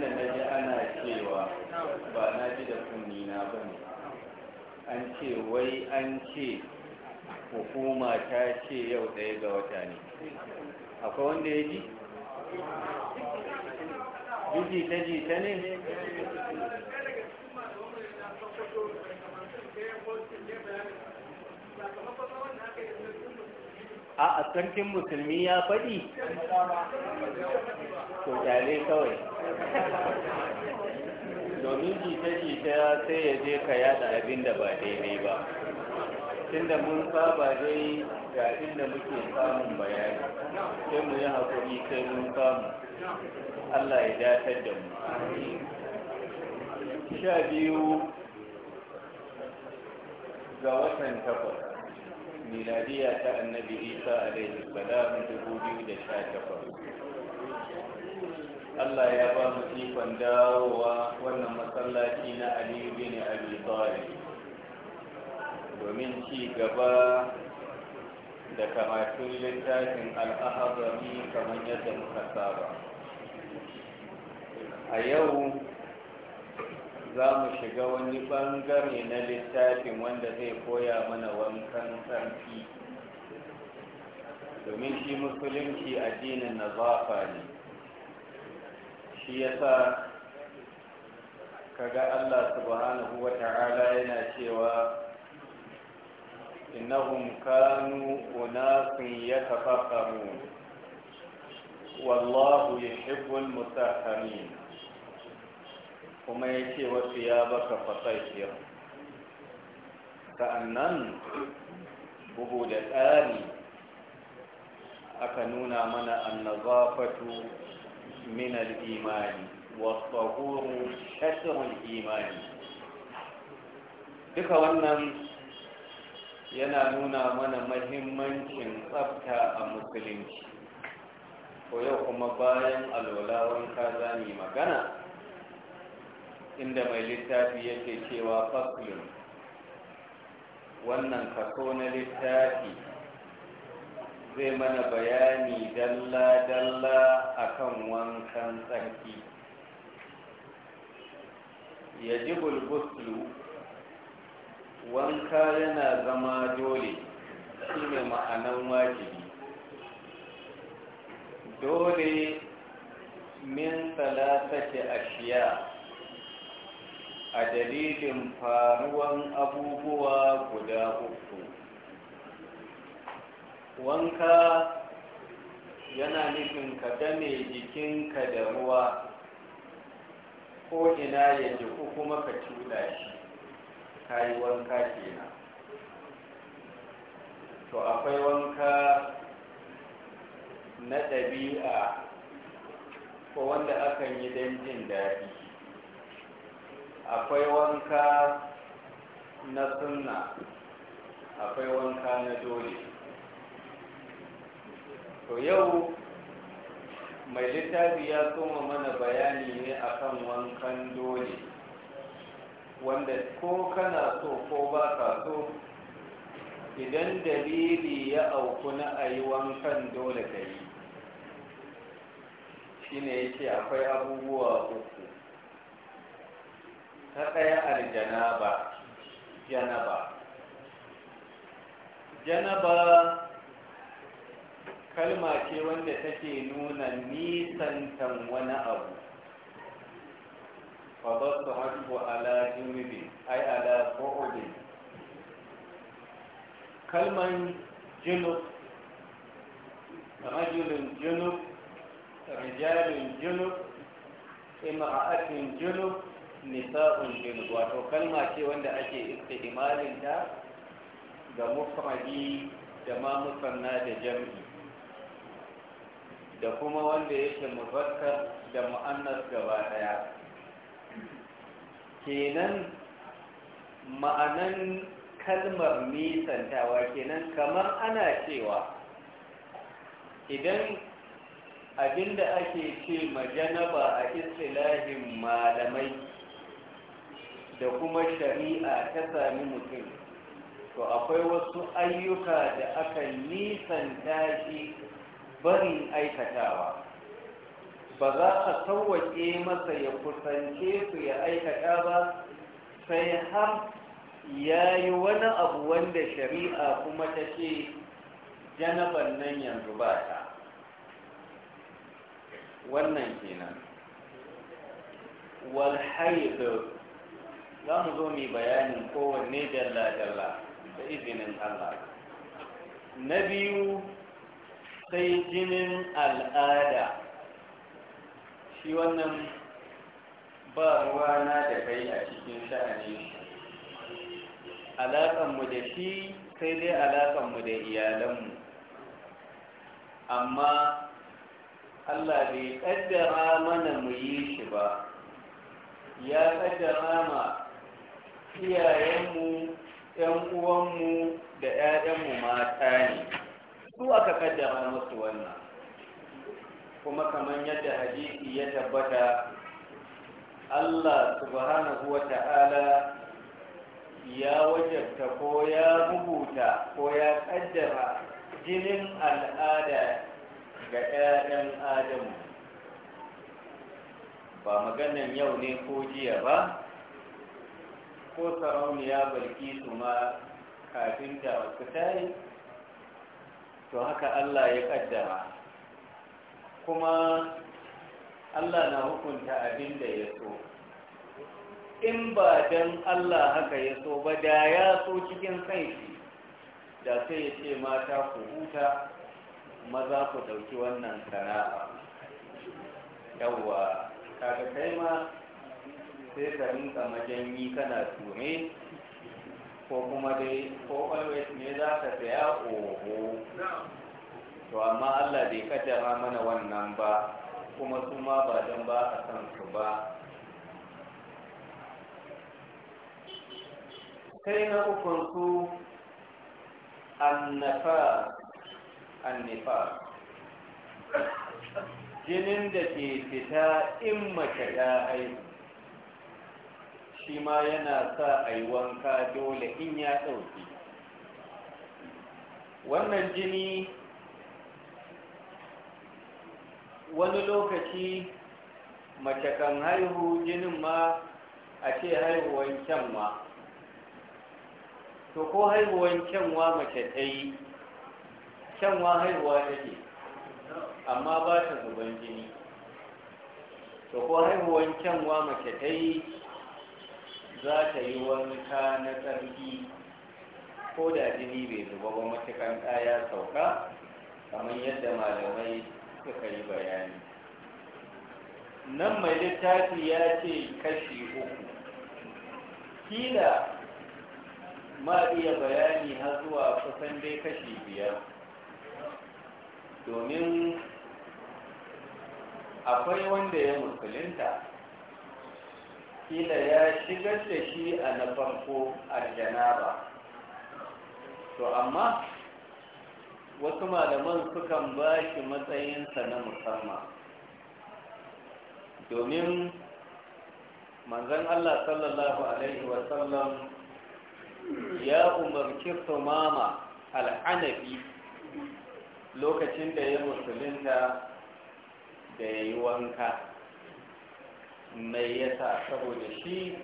da na ji ana cewa ba na ji da kunni na ba ne an ce wai an ce hukuma ta ce yau ɗaya ga wata ne akwai wanda ya ji? jiji ta ji ta ne? sakamakon a a sarkin musulmi ya faɗi to kyale kawai domin jita-jita sai ya je ka yada abin da ba daidai ba tunda mun saba dai ga inda muke samun bayani sai mu yi haƙuri sai mun samu Allah ya datar da mu sha biyu ga watan takwas miladiya ta annabi isa alaihi salam dubu biyu da sha takwas Allah ya ba mu ikon dawowa wannan masallaci na Aliyu a Abi Talib domin ci gaba da karatun littafin al'ahazami kamar yadda muka saba a yau za mu shiga wani bangare na littafin wanda zai koya mana wankan sarki domin shi musulunci addinin na zafa ne shi yasa kaga allah subhanahu wa ta'ala yana cewa إنهم كانوا أناس يتفكرون والله يحب المتفهمين kuma ya ce wasu ya baka fasashiyar sa'annan bugu da tsari aka nuna mana annazafatu min al-imani wasahuru shasirin imani duka wannan yana nuna mana mahimmancin tsafta a musulunci ko yau kuma bayan alwala wanka za magana inda mai littafi yake cewa faslun wannan kaso na littafi zai mana bayani dalla-dalla akan wankan tsarki ya ji bulbuslu wanka yana zama dole shi ne ma'anan wajibi dole min talatake ashiya a dalilin faruwan abubuwa guda uku wanka yana nufin ka game jikinka da ruwa ko ina ya jiku kuma ka cuda shi ka yi wanka kenan to akwai wanka na ɗabi'a ko wanda akan yi don jin daɗi akwai wanka na sunna akwai wanka na dole to yau mai littafi ya soma mana bayani ne akan wankan dole wanda ko kana so ko ba ka so idan dalili ya auku na a yi wankan dole ka yi shi ne ya ce akwai abubuwa uku ta ɗaya aljanaba janaba janaba kalma ce wanda take nuna nisantan wani abu su hajju ala junubin ai ala ƙo'udin kalman junub rajulun junub rijalun junub imra'atin junub nisa'un junub wato kalma ce wanda ake istimalin ta ga mufradi da ma musanna da jam'i da kuma wanda yake muzakkar da mu'annas gaba daya kenan ma'anan kalmar nisantawa kenan kamar ana cewa idan abinda ake ce majanaba a istilahin malamai da kuma shari'a ta sami mutum to akwai wasu ayyuka da aka nisanta shi barin aikatawa ba za a sauwaƙe masa ya kusance su ya aikata ba sai har ya yi wani abu wanda shari'a kuma ta ce janaban nan yanzu ba ta wannan kenan walhaidu za mu zo mai bayanin kowanne dalla-dalla da izinin Allah na biyu sai jinin al'ada shi wannan ba ruwana da kai a cikin sha'ani alaƙanmu da shi sai dai alaƙanmu da iyalanmu amma Allah bai ƙaddara mana mu yi shi ba ya ƙaddara ma iyayenmu ‘yan uwanmu da ‘ya'yanmu mata ne su aka kaddara musu wannan kuma kamar yadda hadisi ya tabbata Allah subhanahu wa ta'ala ya wajabta ko ya rubuta ko ya kaddara jinin al'ada ga ‘ya'yan adamu ba maganan yau ne ko jiya ba ko sarauniya barki su ma kafin da wasu tayi to haka Allah ya kaddara kuma Allah na hukunta abin da ya so in ba dan Allah haka ya so ba da ya so cikin kai da sai ya ce mata ku huta maza ku dauki wannan sana'a yawwa kaga kai ma sai ka rinka majanyi kana tume ko kuma dai ko always ne za ka saya oho to amma Allah bai kaddara mana wannan ba kuma su ma ba dan ba a san su ba kai na ukun su annafa annifa jinin da ke fita in mace ta haihu shi ma yana sa a yi wanka dole in ya ɗauki wannan jini wani lokaci mace kan haihu jinin ma a ce haihuwan kyanwa to ko haihuwan kyanwa mace ta yi kyanwa haihuwa take amma ba ta zuban jini to ko haihuwan kyanwa mace ta yi za ta yi wanka na tsarki ko da jini bai zuba ba matukan ɗaya sauka kamar yadda malamai suka yi bayani nan mai littafi ya ce kashi uku kila ma iya bayani har zuwa kusan dai kashi biyar domin akwai wanda ya musulunta kila ya shigar da shi a na farko a aljanaba to amma wasu malaman sukan ba shi matsayinsa na musamman domin manzan Allah sallallahu Alaihi wasallam ya umarci sumama al'anabi lokacin da ya musulunta da ya yi wanka mai yasa saboda shi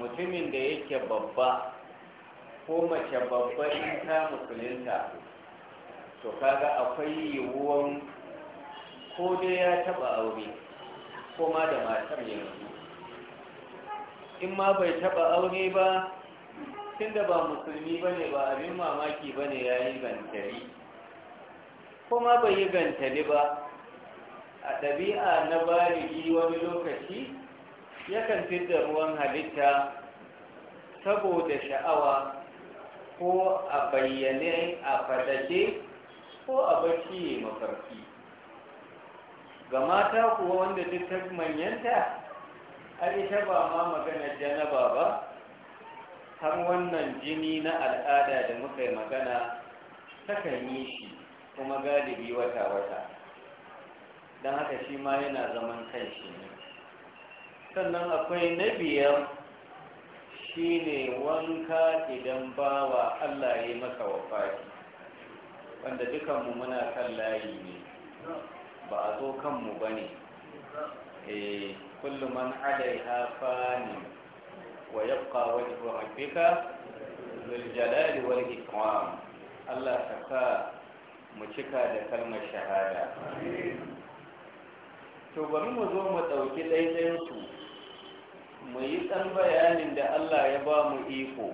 mutumin da yake babba ko mace babba in ta musulunta to kaga akwai yiwuwan ko dai ya taba aure ko ma da matar yanzu in ma bai taba aure ba tunda ba musulmi bane ba abin mamaki bane yi gantali ko ma bai yi gantali ba a ɗabi'a na baligi wani lokaci yakan fidda ruwan halitta saboda sha'awa ko a bayyane a fadake ko a bacci mafarki ga mata kuwa wanda duk ta manyanta a ita ba ma magana janaba ba har wannan jini na al'ada da muka yi magana takan yi shi kuma galibi wata-wata don haka shi ma yana zaman kanshi ne sannan akwai na biyar shi ne wanka idan bawa allah ya yi maka wafaki wanda dukanmu muna kan layi ne ba a zo kanmu ba ne eh, kullum man hafa ne. wa yabqa wajhu rabbika dhul jalali wal ikram Allah ka sa mu cika da kalmar shahada to bari mu zo mu ɗauki ɗaiɗayensu mu yi ɗan bayanin da Allah ya ba mu iko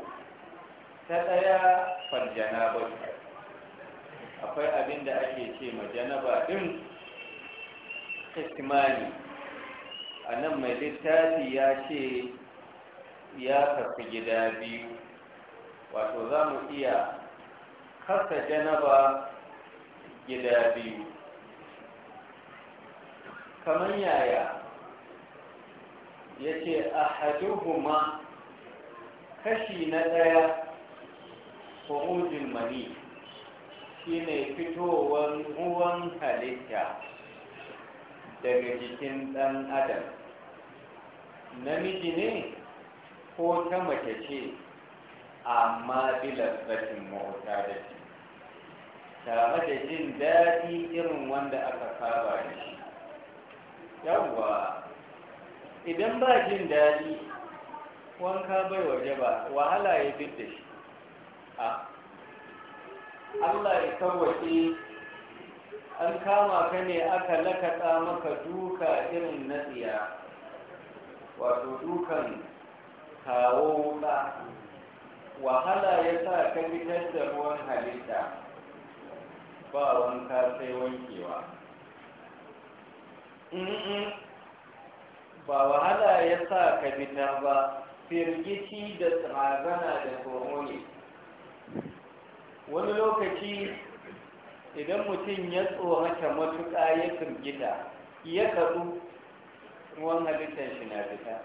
ta ɗaya farjana ba akwai abin da ake ce ma janaba ɗin kismani a nan mai littafi ya ce ya tafi gida biyu wato za mu iya kasa janaba gida biyu kamar yaya ya ce a kuma kashi na ɗaya ƙo'udin mani shi ne fitowar ruwan halitta daga jikin ɗan adam namiji ne ko ta mace ce amma bilasbatin mawuta da shi. tare da jin daɗi irin wanda aka saba da shi yawwa idan ba jin daɗi wanka bai waje ba wahala ya fi da shi a Allah ya kawace an kama ka ne aka lakata maka duka irin na tsiya wato dukan kawo ba wahala ya sa ka fitar da ruwan halitta ba wanka sai wankewa ba wahala ya sa ka bita ba firgici da tsagana da tsoro ne wani lokaci idan mutum ya tsorata matuƙa ya firgita ya kaɗu ruwan halittar shi na fita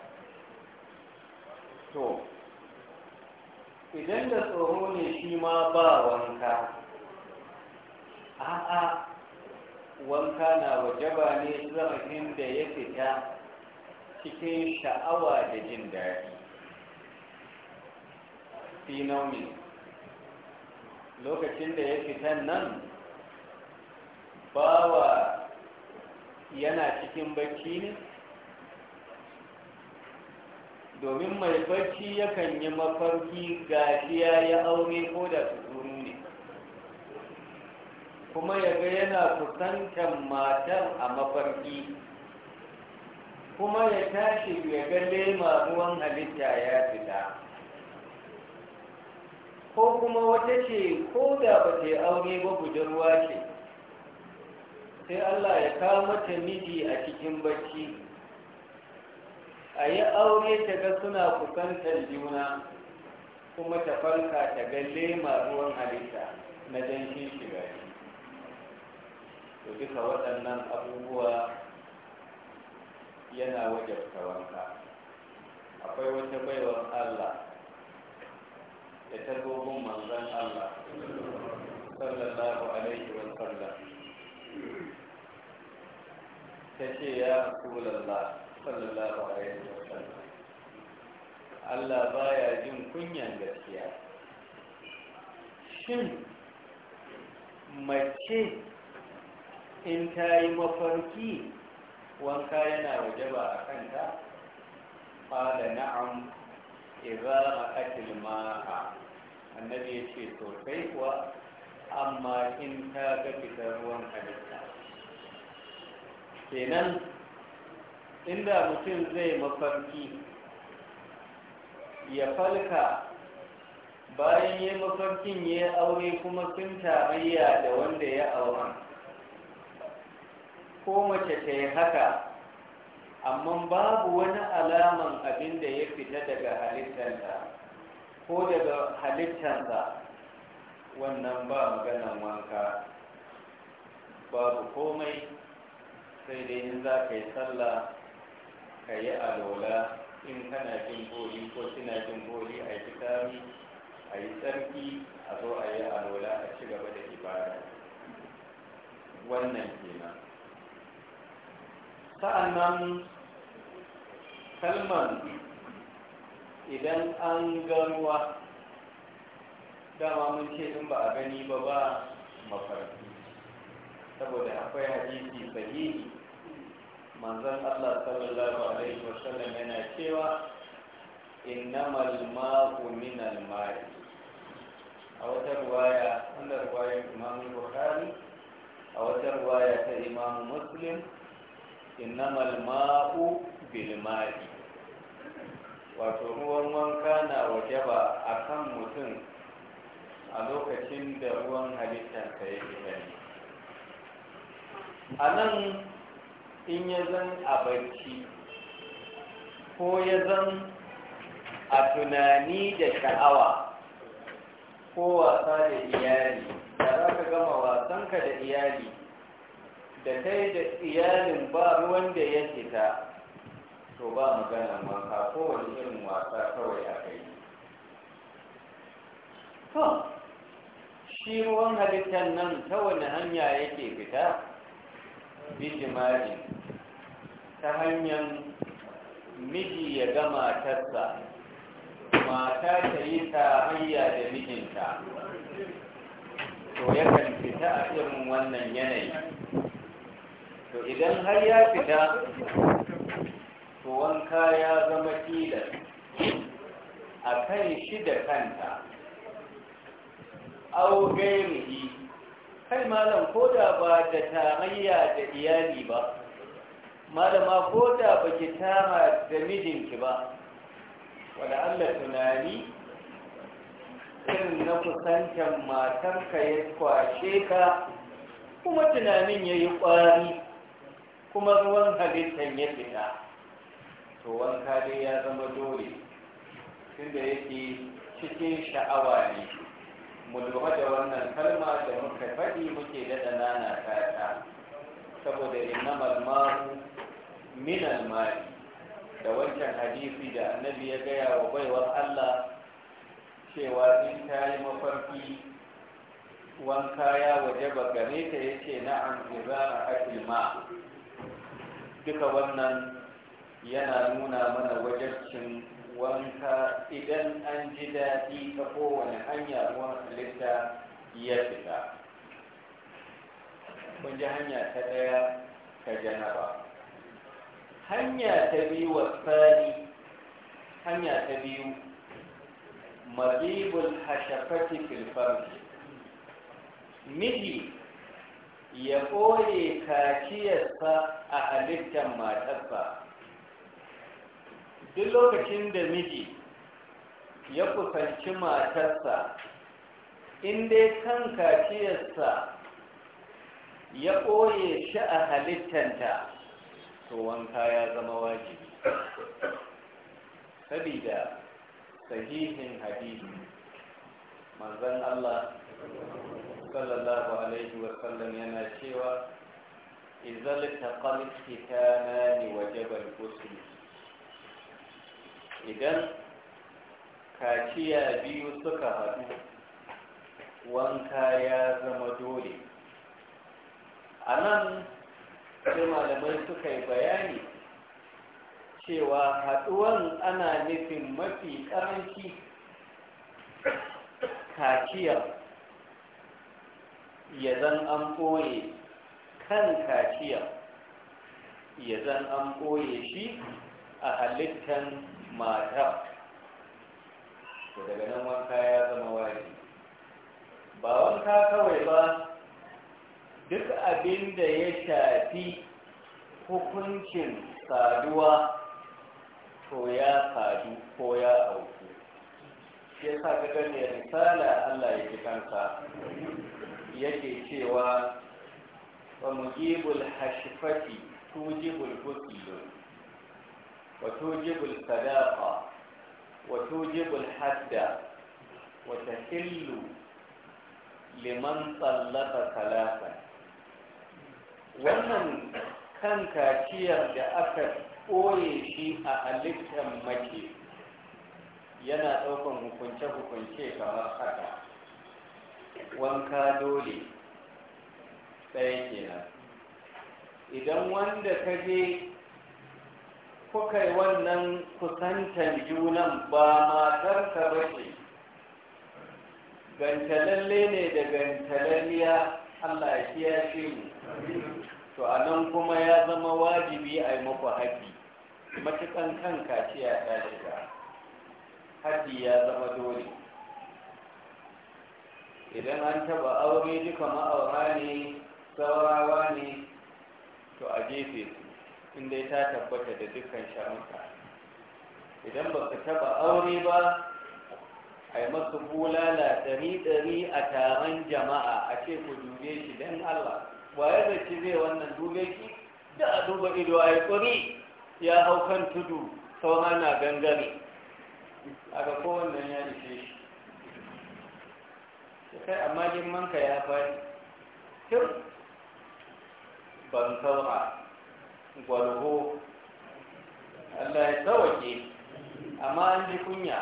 to idan da tsoro ne shi ma ba wanka a'a wanka na wajaba ne zarafin da ya fita cikin sha'awa da jin daɗi fi lokacin da ya fita nan bawa yana cikin bacci ne domin mai bacci yakan yi mafarki gajiya ya aure ko da su kuma ya ga yana kusantan matan a mafarki kuma ya tashi ya ga lema ruwan halitta ya fita ko kuma wata ce ko da ba ta yi aure ba budurwa ce sai Allah ya kawo mata miji a cikin bacci a yi aure ta ga suna kusantar juna kuma ta farka ta ga lema ruwan halitta na danshin shiga to duka waɗannan abubuwa yana wajabta wanka akwai wata baiwar allah da ta dogon manzan allah sallallahu alaihi wa sallam ta ce ya rasulallah sallallahu alaihi wa sallam Allah baya jin kunyan gaskiya shin mace in ta yi mafarki wanka yana wajaba a kanta ƙala na'am idza ra'atil ma'a annabi ya ce sosai kuwa amma in ta ga fitar ruwan halitta kenan inda mutum zai mafarki ya falka bayan ya mafarkin ya aure kuma sun tarayya da wanda ya auren ko mace ta yi haka amma babu wani alaman abin da ya fita daga halittanta ko daga halittanta wannan ba maganan wanka babu komai sai dai in za ka yi sallah ka yi alola in kana jin boli ko kina jin boli a yi a yi tsarki a zo a yi alola a ci gaba da ibada wannan kenan sa'annan kalman idan an ganuwa dama mun ce in ba a gani ba ba mafarki saboda akwai hadisi sahihi manzan Allah sallallahu alaihi wasallam yana cewa innamal ma'u min al-ma'i a wata ruwaya wanda ruwayar Imam Buhari, a wata ruwaya ta Imam Muslim innamal الماء بالماء wato ruwan wanka na wajaba kan mutum a lokacin da ruwan halittar ka yake ne a nan in ya zan a barci ko ya zan a tunani da sha'awa ko wasa da iyali da za ka gama wasanka da iyali da kai da iyalin ba wanda ya fita to ba maganar wanka kowane irin wasa kawai a kai to shi ruwan halittar nan ta wani hanya yake fita bijimari ta hanyar miji ya ga matarsa mata ta yi ta hanya da mijinta to yakan fita a irin wannan yanayi to idan har ya fita to wanka ya zama tilas a kan shi da kanta au gairihi kai malam ko da ba da tarayya da iyali ba malama ko da ba ki tara da mijinki ba wadda allah tunani irin na kusantar matarka ya kwashe ka kuma tunanin ya yi ƙwari kuma ruwan halittar ya fita to wanka dai ya zama dole tunda yake cikin sha'awa ne mu lura da wannan kalma da muka faɗi muke daɗa nana ta saboda innamal ma'u min al da wancan hadisi da annabi ya gaya wa baiwar Allah cewa in ta yi mafarki wanka ya waje ba gare ta ya na'am izara akil ma duka wannan yana nuna mana wajarcin wanka idan an ji daɗi ta kowane hanya ruwan halitta ya fita kun ji hanya ta ɗaya ta janaba hanya ta biyu wasani hanya ta biyu mazibul hashafati fil farji miji ya ɓoye kaciyarsa a halittar matarsa duk lokacin da miji ya kusanci matarsa inda kan kaciyarsa ya ɓoye shi a halittanta to wanka ya zama wajibi sabida sahihin hadisi manzon Allah sallallahu alaihi wasallam yana cewa izal taqal khitanani wajaba al-ghusl idan kaciya biyu suka haɗu wanka ya zama dole anan nan sai malamai suka yi bayani cewa haɗuwan ana nufin mafi ƙaranci kaciyar ya zan an ɓoye kan kaciya ya zan an ɓoye shi a halittan mata da daga nan wanka ya zama waje ba wanka kawai ba duk abin da ya shafi hukuncin saduwa to ya sadu ko ya auku ya sa ga ganin misala Allah ya ji kansa yake cewa wa mujibul hashifati tujibul husilun wa tujibul sadaqa wa tujibul hadda wa tahillu liman tsallaka talatan wannan kan kaciyar da aka ɓoye shi a halittar mace yana ɗaukan hukunce-hukunce kamar haka wanka dole ɗaya kenan idan wanda ka je kuka yi wannan kusantar junan ba matarka ba ce gantalalle ne da gantalalliya, allah ya fi mu to a nan kuma ya zama wajibi a yi maku haƙi matukan kan kaciya ta shiga haƙi ya zama dole idan an taba aure duka ma'aura ne saurawa ne to a gefe su inda ta tabbata da dukkan sharuka idan ba ka taba aure ba a yi masu bulala ɗari-ɗari a taron jama'a a ce ku dube shi don allah ba ya zaci zai wannan dube shi da a duba ido a yi ya hau kan tudu saura na gangare a ga kowannan ya ishe shi kai amma girmanka ya fari tir ban sau'a gwalho Allah ya tsawake amma an ji kunya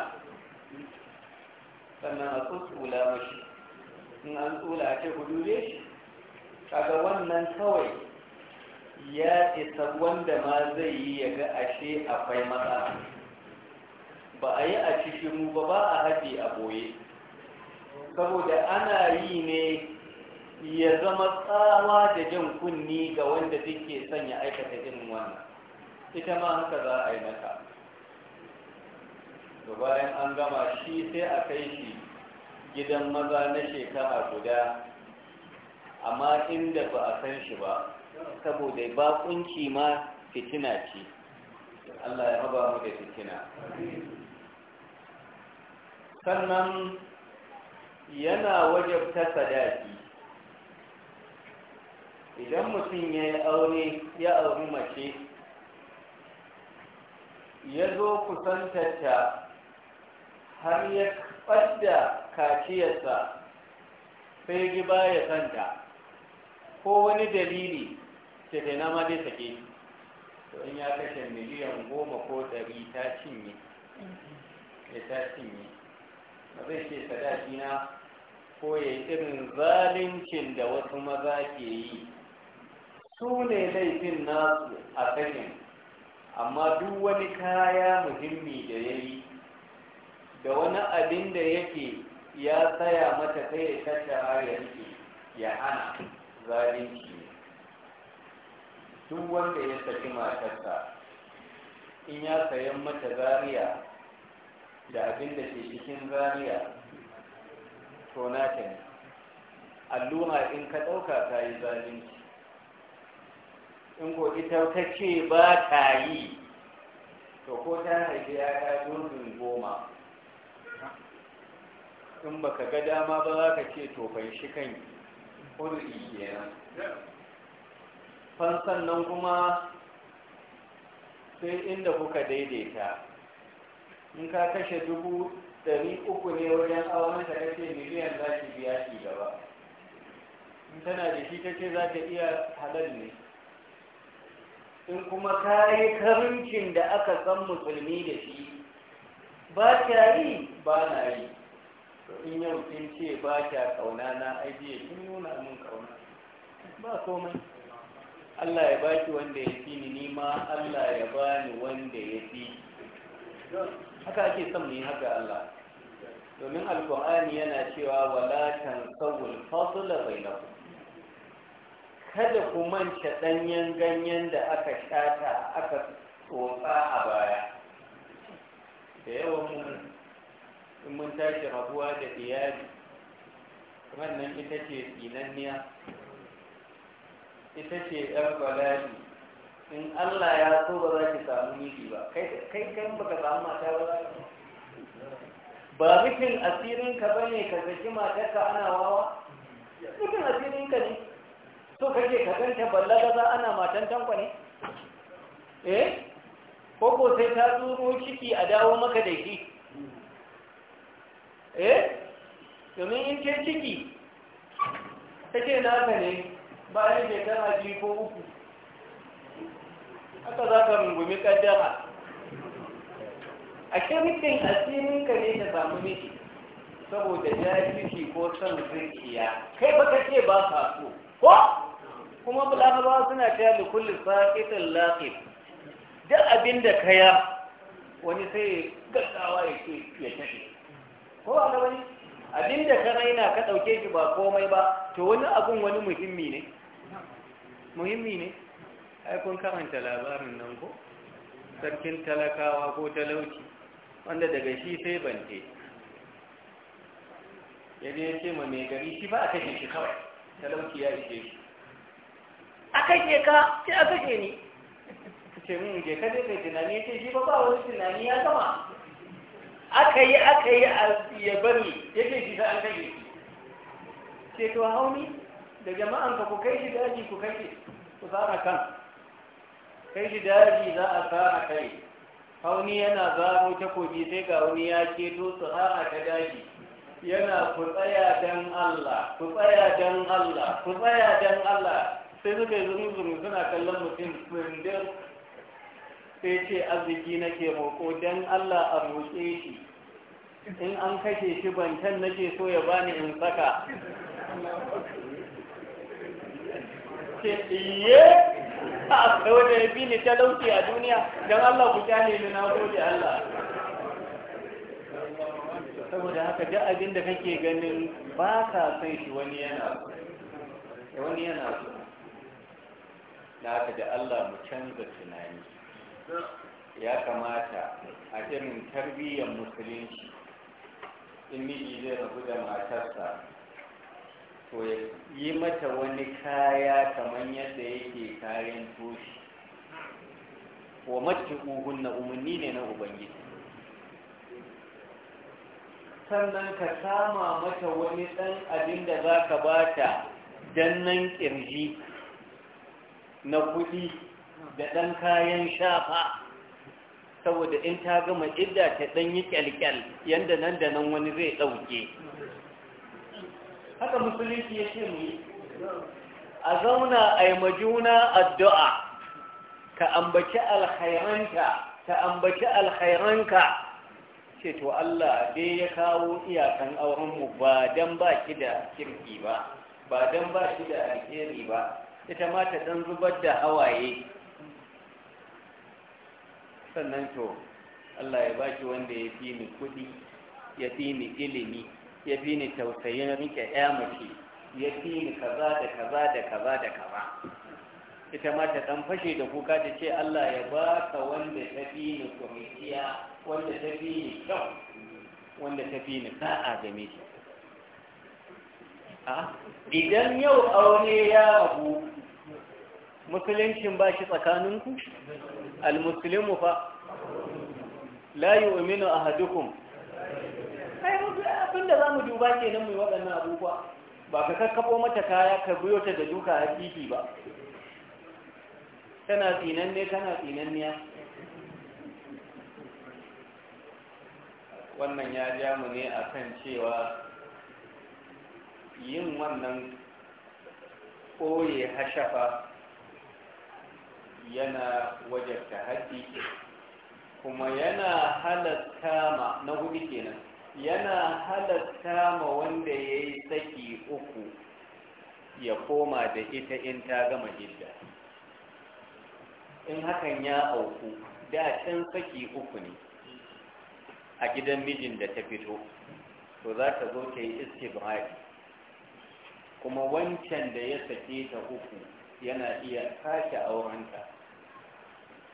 sannan a tsotsula mashi in an tsula a ce ku dure shi kaga wannan kawai ya isa wanda ma zai yi ya ga ashe akwai matsala ba a yi a cikin mu ba ba a haɗe a boye saboda ana yi ne ya zama tsawa da jan kunni ga wanda suke sanya aikata jin wannan ita ma haka za a yi maka to bayan an gama shi sai a kai shi gidan maza na shekara guda amma inda ba a san shi ba saboda bakunci ma fitina ce Allah ya haba mu da fitina sannan yana wajabta sadaki idan mutum ya yi aure ya auri mace ya zo kusantarta har ya ɓadda kaciyarsa sai ji baya santa ko wani dalili ce ta nama dai sake to in ya kashe miliyan goma ko ɗari ta cinye eh, ta cinye ba zai ce ko ya irin zalincin da wasu maza ke yi su ne laifin nasu a sanin amma duk wani kaya muhimmi da ya yi da wani abin da yake ya tsaya mata sai ya tattara ya rike ya hana duk wanda ya saki matarsa in ya sayan mata zariya da abin da ke cikin zaniya to naka ne Alluha in ka ɗauka ta yi zalunci in ko ita ta ce ba ta yi to ko ta haifi ya ga gurbin goma in ba ka ga dama ba za ka ce to ban shi kan ƙuri kenan fansan nan kuma sai inda kuka daidaita in ka kashe dubu dari uku ne wajen awon ta kashe miliyan za ki biya ki gaba in tana da shi ta ce za ta iya halal ne in kuma ka yi karincin da aka san musulmi da shi ba ta yi ba na yi in yau ce ba ta kauna na ajiye sun nuna min kauna ba komai Allah ya baki wanda ya fi ni nima Allah ya bani wanda ya fi haka ake son mu yi haka Allah domin alkur'ani yana cewa wala tansawul fadla bainakum kada ku manta ɗanyen ganyen da aka shata aka tsotsa a baya da yawan mu in mun tashi rabuwa da iyali wannan ita ce tsinanniya ita ce yar balali in Allah ya so ba za ki samu miji ba kai kai kan baka samu mata ba za ba mutum asirin ka bane ka zaki matarka ka ana wawa mutum asirin ka ne ka kake ka ganta ballaga za ana matan tankwa ne eh ko ko sai ta tsoro ciki a dawo maka da shi eh domin in ke ciki ta ke naka ne Ba bayan shekara ji ko uku haka za ka rungumi kaddara a kirkin ka ne ta samu miki saboda jahilci ko son zirkiya kai baka ce ba ka so ko kuma bulahawa suna ta da kulli saqitin laqib duk abin da kaya wani sai gaggawa ya ce ya tafi ko ba gabani abin da ka raina ka ɗauke shi ba komai ba to wani abun wani muhimmi ne muhimmi ne aikun karanta labarin nan ko sarkin talakawa ko talauci wanda daga shi sai bante yadda ya ce ma mai gari shi ba a kashe shi kawai talauci ya ishe shi a kashe ka ce a kashe ni ce mun hmm, je ka zai kai tunani ya ce shi ba ba wani tunani ya gama aka yi aka yi ya bari ya ce shi sai an kashe shi ce to hauni da jama'an ka ku kai shi daji ku kashe ku zara kan kai shi daji za a a kai hauni yana zaro takobi sai ga wani ya keto su a ta daji yana ku tsaya dan Allah ku tsaya dan Allah ku tsaya dan Allah sai suka yi zuru-zuru suna kallon mutum rindir sai ce arziki nake roƙo don Allah a roƙe shi in an kashe shi bantan nake so ya bani in saka ce iye 'a wanda ya fi talauci a duniya don Allah ku kyale ni na gode Allah saboda haka duk abin da kake ganin ba ka san shi wani yana wani yana na haka da Allah mu canza tunani ya kamata a irin tarbiyyar musulunci in miji zai rabu da matarsa to yi mata wani kaya kamar yadda yake kayan toshi wa mace uhun na umarni ne na ubangiji sannan ka sama mata wani ɗan abin da za ka ba ta dannan ƙirji na kuɗi da ɗan kayan shafa saboda in ta gama idda ta ɗan yi ƙyalƙyal yadda nan da nan wani zai ɗauke haka musulunci ya ce mu a zauna a yi majuna addu'a ka ambaci alkhairanka ka ambaci alkhairanka ce to Allah dai ya kawo iyakan aurenmu ba don ba shi da kirki ba ba don ba shi da alheri ba ita ma ta dan zubar da hawaye sannan to Allah ya baki wanda ya fi ni kuɗi ya fi ni ilimi ya bi ni tausayin rike ya mace ya fi ni kaza da kaza da kaza da kaza ita ma ta dan fashe da kuka ta ce Allah ya baka wanda ta fi ni kwamitiya wanda ta fi ni kyau wanda ta fi ni sa'a da shi idan yau aure ya abu musuluncin ba shi tsakaninku almusulimu fa la yu'minu ahadukum kai ya abin da za mu duba kenan mai waɗannan abubuwa ba ka kakkaɓo mata kaya ka biyo ta da duka a titi ba tana tsinanne tana tsinanniya wannan ya ja mu ne a kan cewa yin wannan ɓoye hashafa yana ta haƙi kuma yana halatta ma na hudu kenan yana halatta ma wanda ya yi saki uku ya koma da ita in ta gama gida, in hakan ya auku da can saki uku ne a gidan mijin da ta fito to za ta zo ta yi istibhari kuma wancan da ya sake ta uku yana iya kashe aurenta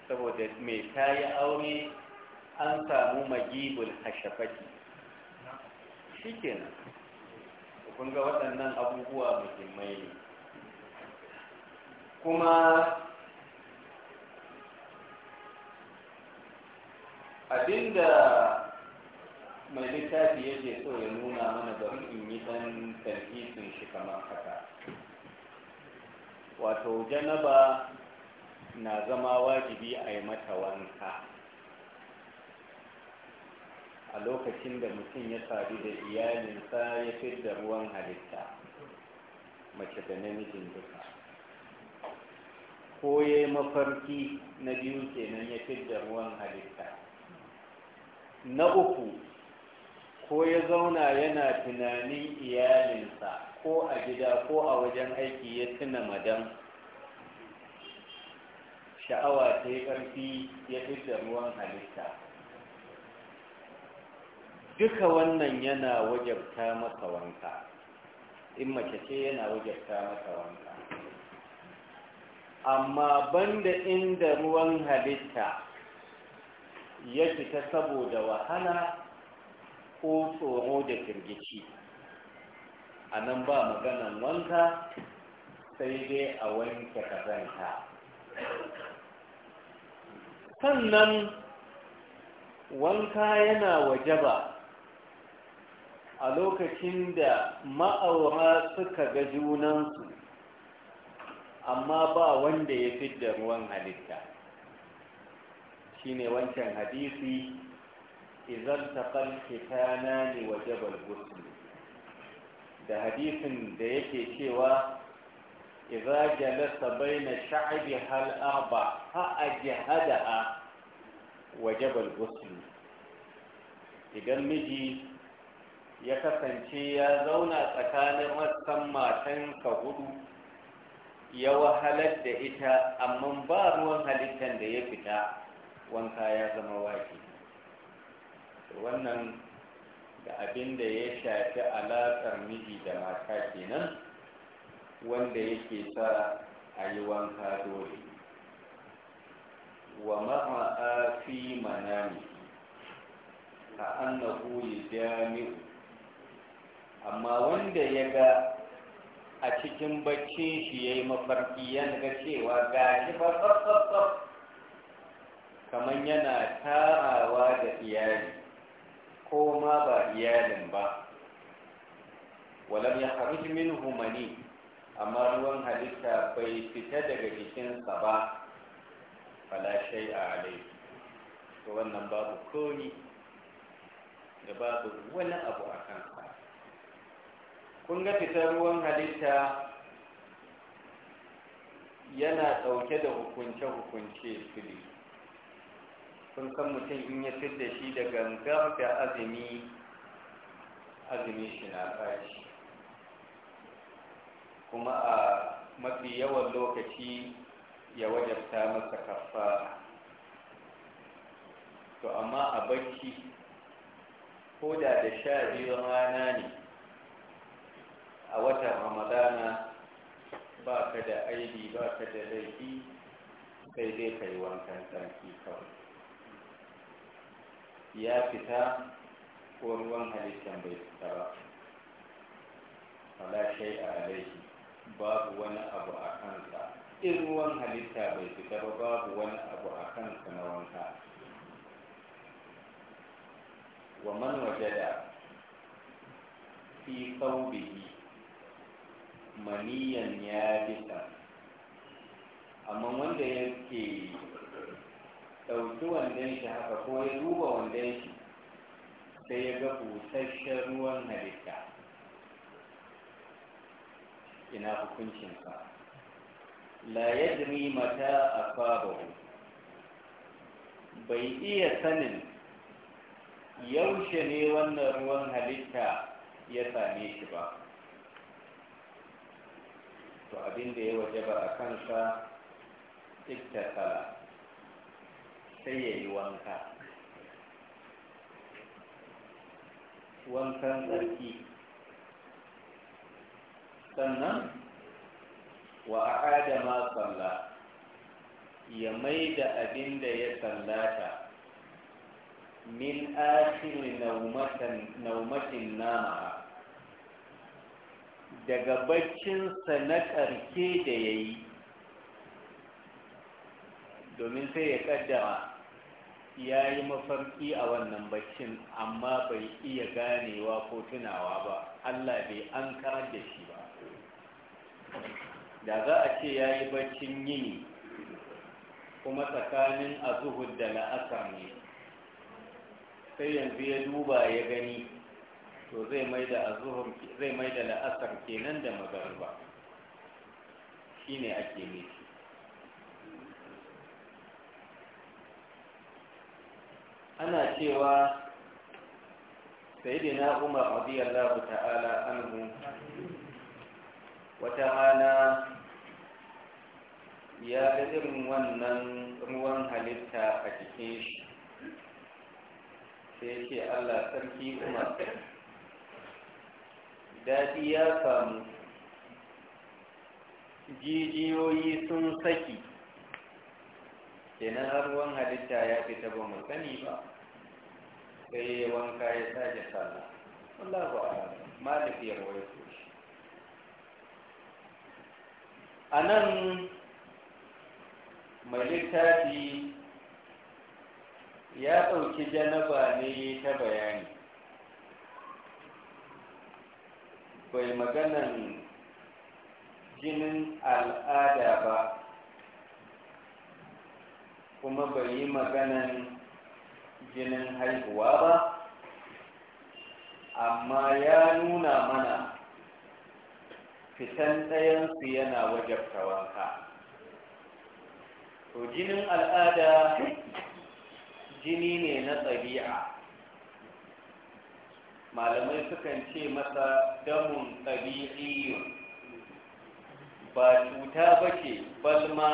saboda mai ta yi aure an samu magibul hashafaki Shikin, kun ga waɗannan abubuwa muhimmai ne kuma abinda mai littafi yake so ya nuna mana bari in yi ɗan tarhisin shi kamar haka wato janaba na zama wajibi a yi mata wanka a lokacin da mutum ya sadu da iyalinsa ya fi da ruwan halitta mace da namijin duka ko ya mafarki na biyu kenan ya fi da ruwan halitta na uku ko ya zauna yana tunanin iyalinsa ko a gida ko a wajen aiki ya tuna madam sha'awa ta yi ƙarfi ya fi da ruwan halitta duka wannan yana wajabta masa wanka in mace ce yana wajabta masa wanka amma banda inda ruwan halitta ya fita saboda wahala ko tsoro da firgici a nan ba maganan wanka sai dai a wanke kazanta sannan wanka yana wajaba a lokacin da ma'aura suka ga junansu amma ba wanda ya fi da ruwan halitta shine wancan hadisi izan taƙal fitana ne wa jabal da hadisin da yake cewa iza jalasa baina sha'abi hal arba ha a wa jabal idan miji ya kasance ya zauna tsakanin matan ka hudu ya wahalar da ita amma ba ruwan halittar da ya fita wanka ya zama waki wannan da abin da ya shafi alaƙar miji da mata kenan wanda yake sa a yi wanka dole wa ma'a fi manami ka annahu jami'u amma wanda ya ga a cikin baccin shi ya yi mafarki yana ga cewa ga shi ba kamar yana tarawa da iyali ko ma ba iyalin ba walam ya haruj min humani amma ruwan halitta bai fita daga jikinsa ba falashai a alai to wannan babu koni da babu wani abu a kansa kun ga fitar ruwan halitta yana ɗauke da hukunce-hukunce fili kun san mutum in ya fi da shi da gangar da azumi azumi shi na ƙashi kuma a mafi yawan lokaci ya wajabta masa kafa to amma a bakki ko da da sha biyu rana ne a watan ramadana ba ka da aibi ba ka da laifi sai dai ka yi wankan tsarki kawai ya fita ko ruwan halittar bai fita ba fala shai a laifi. babu wani abu a kansa in ruwan halitta bai fita ba babu wani abu a kansa na wanka wa man wajada fi bihi maniyan ya bisa amma wanda yake ɗauki wandon shi haka ko ya duba wandon shi sai ya ga busasshen ruwan halitta ina hukuncinsa la yadri mata asabahu bai iya sanin yaushe ne wannan ruwan halitta ya same shi ba to abin da ya wajaba a kansa iktasala sai ya yi wanka wankan tsarki sannan wa a ma tsalla ya mai da abin da ya sallata min ashirin naumatin nama daga baccinsa na ƙarke da ya yi domin sai ya ƙaddara ya yi mafarki a wannan baccin amma bai iya ganewa ko tunawa ba allah bai an karar da shi ba da za a ce ya yi baccin yini kuma tsakanin azuhud da la'asar ne sai yanzu ya duba ya gani to zai mai da azuhur zai mai da la'asar kenan da magariba shine ake nufi ana cewa sai sayyidina umar radiyallahu ta'ala anhu wata hana ya ga irin wannan ruwan halitta a jikin shi sai ce allah sarki umar daɗi ya samu jijiyoyi sun saki kenan ruwan halitta ya fita ba mu sani ba sai wanka ya sake sana wallah ba a malafiyar wai ko shi a nan mai littafi ya ɗauki janaba ne ta bayani bai maganan jinin al'ada ba kuma bai yi maganan jinin haihuwa ba amma ya nuna mana fitan ɗayansu yana wajabta wanka to jinin al'ada jini ne na ɗabi'a malamai sukan ce masa damun tabi'iyyun ba cuta ba ce balma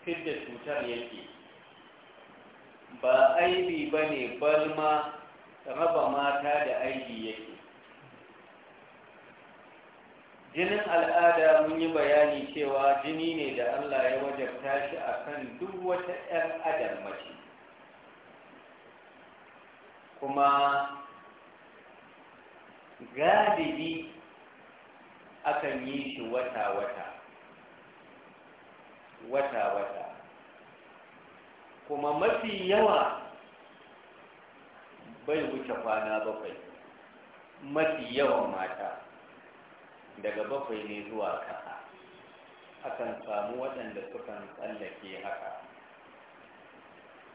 fidda cutar yake ba aibi ba ne balma raba mata da aibi yake jinin al'ada mun yi bayani cewa jini ne da allah ya wajabta shi akan duk wata 'yar adam mace kuma galibi akan yi shi wata-wata wata-wata kuma mafi yawa bai wuce kwana bakwai mafi yawan mata daga bakwai ne zuwa kasa akan samu waɗanda sukan tsallake haka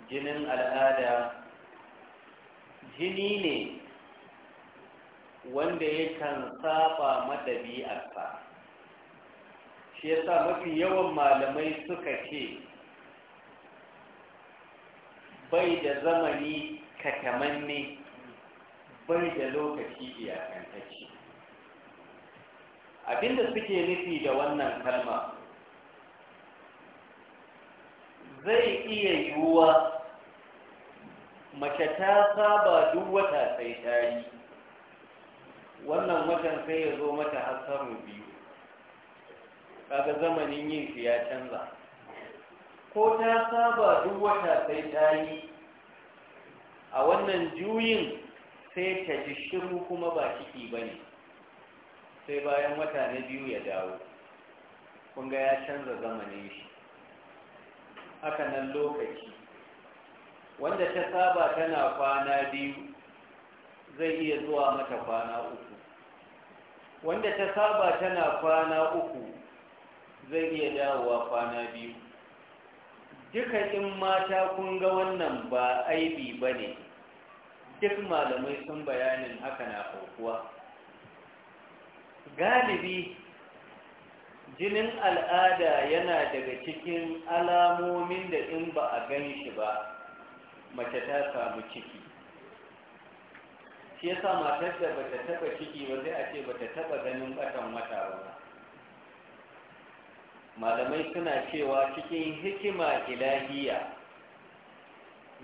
jinin al'ada jini ne wanda ya kan saba madabi'arsa shi yasa mafi yawan malamai suka ce bai da zamani katamanne bai da lokaci iyakantacce abinda suke nufi da wannan kalma zai iya yiwuwa mace ta saba duk wata sai ta yi wannan watan sai ya zo mata har biyu kaga zamanin yin shi ya canza ko ta saba duk wata sai ta yi a wannan juyin sai ta ji shiru kuma ba ciki ba ne sai bayan wata na biyu ya dawo kunga ya canza zamanin shi haka nan lokaci wanda ta saba tana kwana biyu zai iya zuwa mata kwana uku wanda ta saba tana kwana uku zai iya dawowa kwana biyu duka in mata kun ga wannan ba aibi ba ne duk malamai sun bayanin haka na kokuwa galibi jinin al'ada yana daga cikin alamomin da in ba a gan shi ba mace ta samu ciki shi yasa matar da bata taba ciki ba sai a ce bata taba ganin batan wata ba malamai suna cewa cikin hikima ilahiya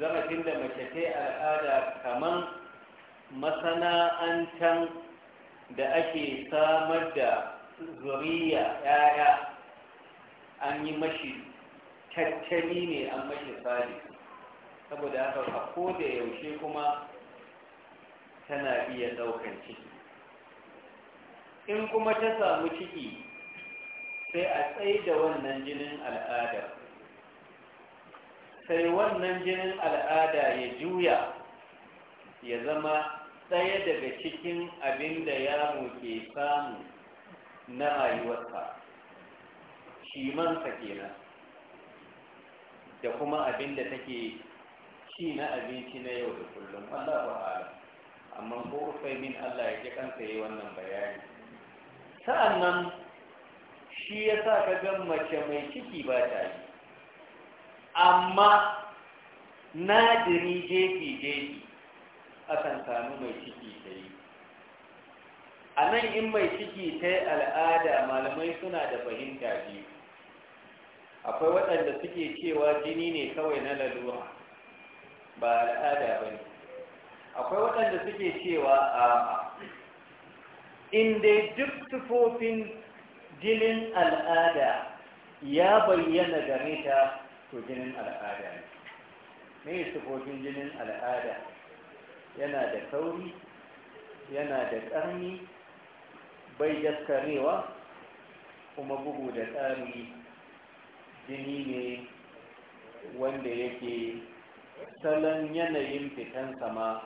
zarafin da mace ta al'ada kamar masana'antar da ake samar da zuriya yaya an yi mashi tattali ne an mashi tsari saboda haka ko da yaushe kuma tana iya ɗaukan ciki in kuma ta samu ciki sai a tsaye da wannan jinin al'ada sai wannan jinin al'ada ya juya ya zama ɗaya daga cikin abin da ke samu na rayuwarsa mansa kenan da kuma abin da take ci na abinci na yau da kullum Allah wa'ala amma ko ufaimin allah ya ke kansa yi wannan bayani sa'annan shi ya sa ka ga mace mai ciki ba ta yi amma nadiri jefi-jefi akan samu mai ciki ta yi a nan in mai ciki ta yi al'ada malamai suna da fahimta biyu akwai waɗanda suke cewa jini ne kawai na lalura ba al'ada ba ne akwai waɗanda suke cewa a um, in dai duk tufofin jinin al'ada ya bayyana game ta to jinin al'ada ne mai tufofin jinin al'ada yana da sauri yana da ƙarni bai jaskarewa kuma bugu da tsari jini ne wanda yake salon yanayin fitan sama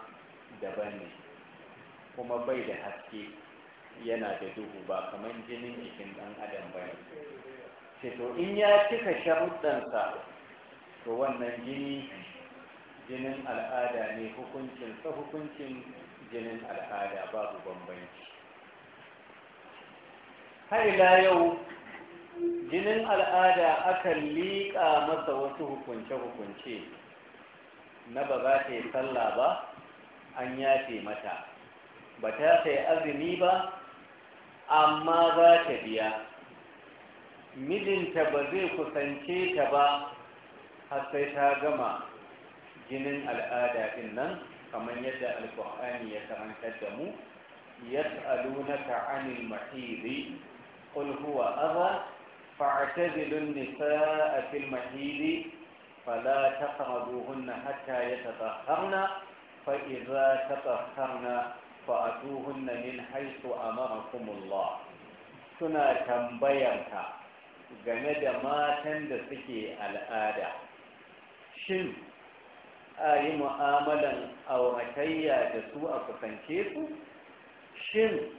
daban ne kuma bai da haske yana da duhu ba kamar jinin jikin ɗan adam ba ne to in ya cika sharuɗansa to wannan jini jinin al'ada ne hukuncin sa hukuncin jinin al'ada babu bambanci har ila yau jinin al'ada aka liƙa masa wasu hukunce-hukunce na ba za ta yi sallah ba an yafe mata ba ta sai azumi ba amma za ta biya mijinta ba zai kusance ta ba har sai ta gama jinin al'ada din nan kamar yadda alkur'ani ya karantar da mu yas'alunaka 'anil mahidi qul huwa adha fa'tazilu an-nisaa fil mahidi fala taqrabuhunna hatta yatahharna فإذا تطهرن فأتوهن من حيث أمركم الله سنة تنبيرك game da matan da suke al'ada shin a yi mu'amalan auratayya da su a kusance su shin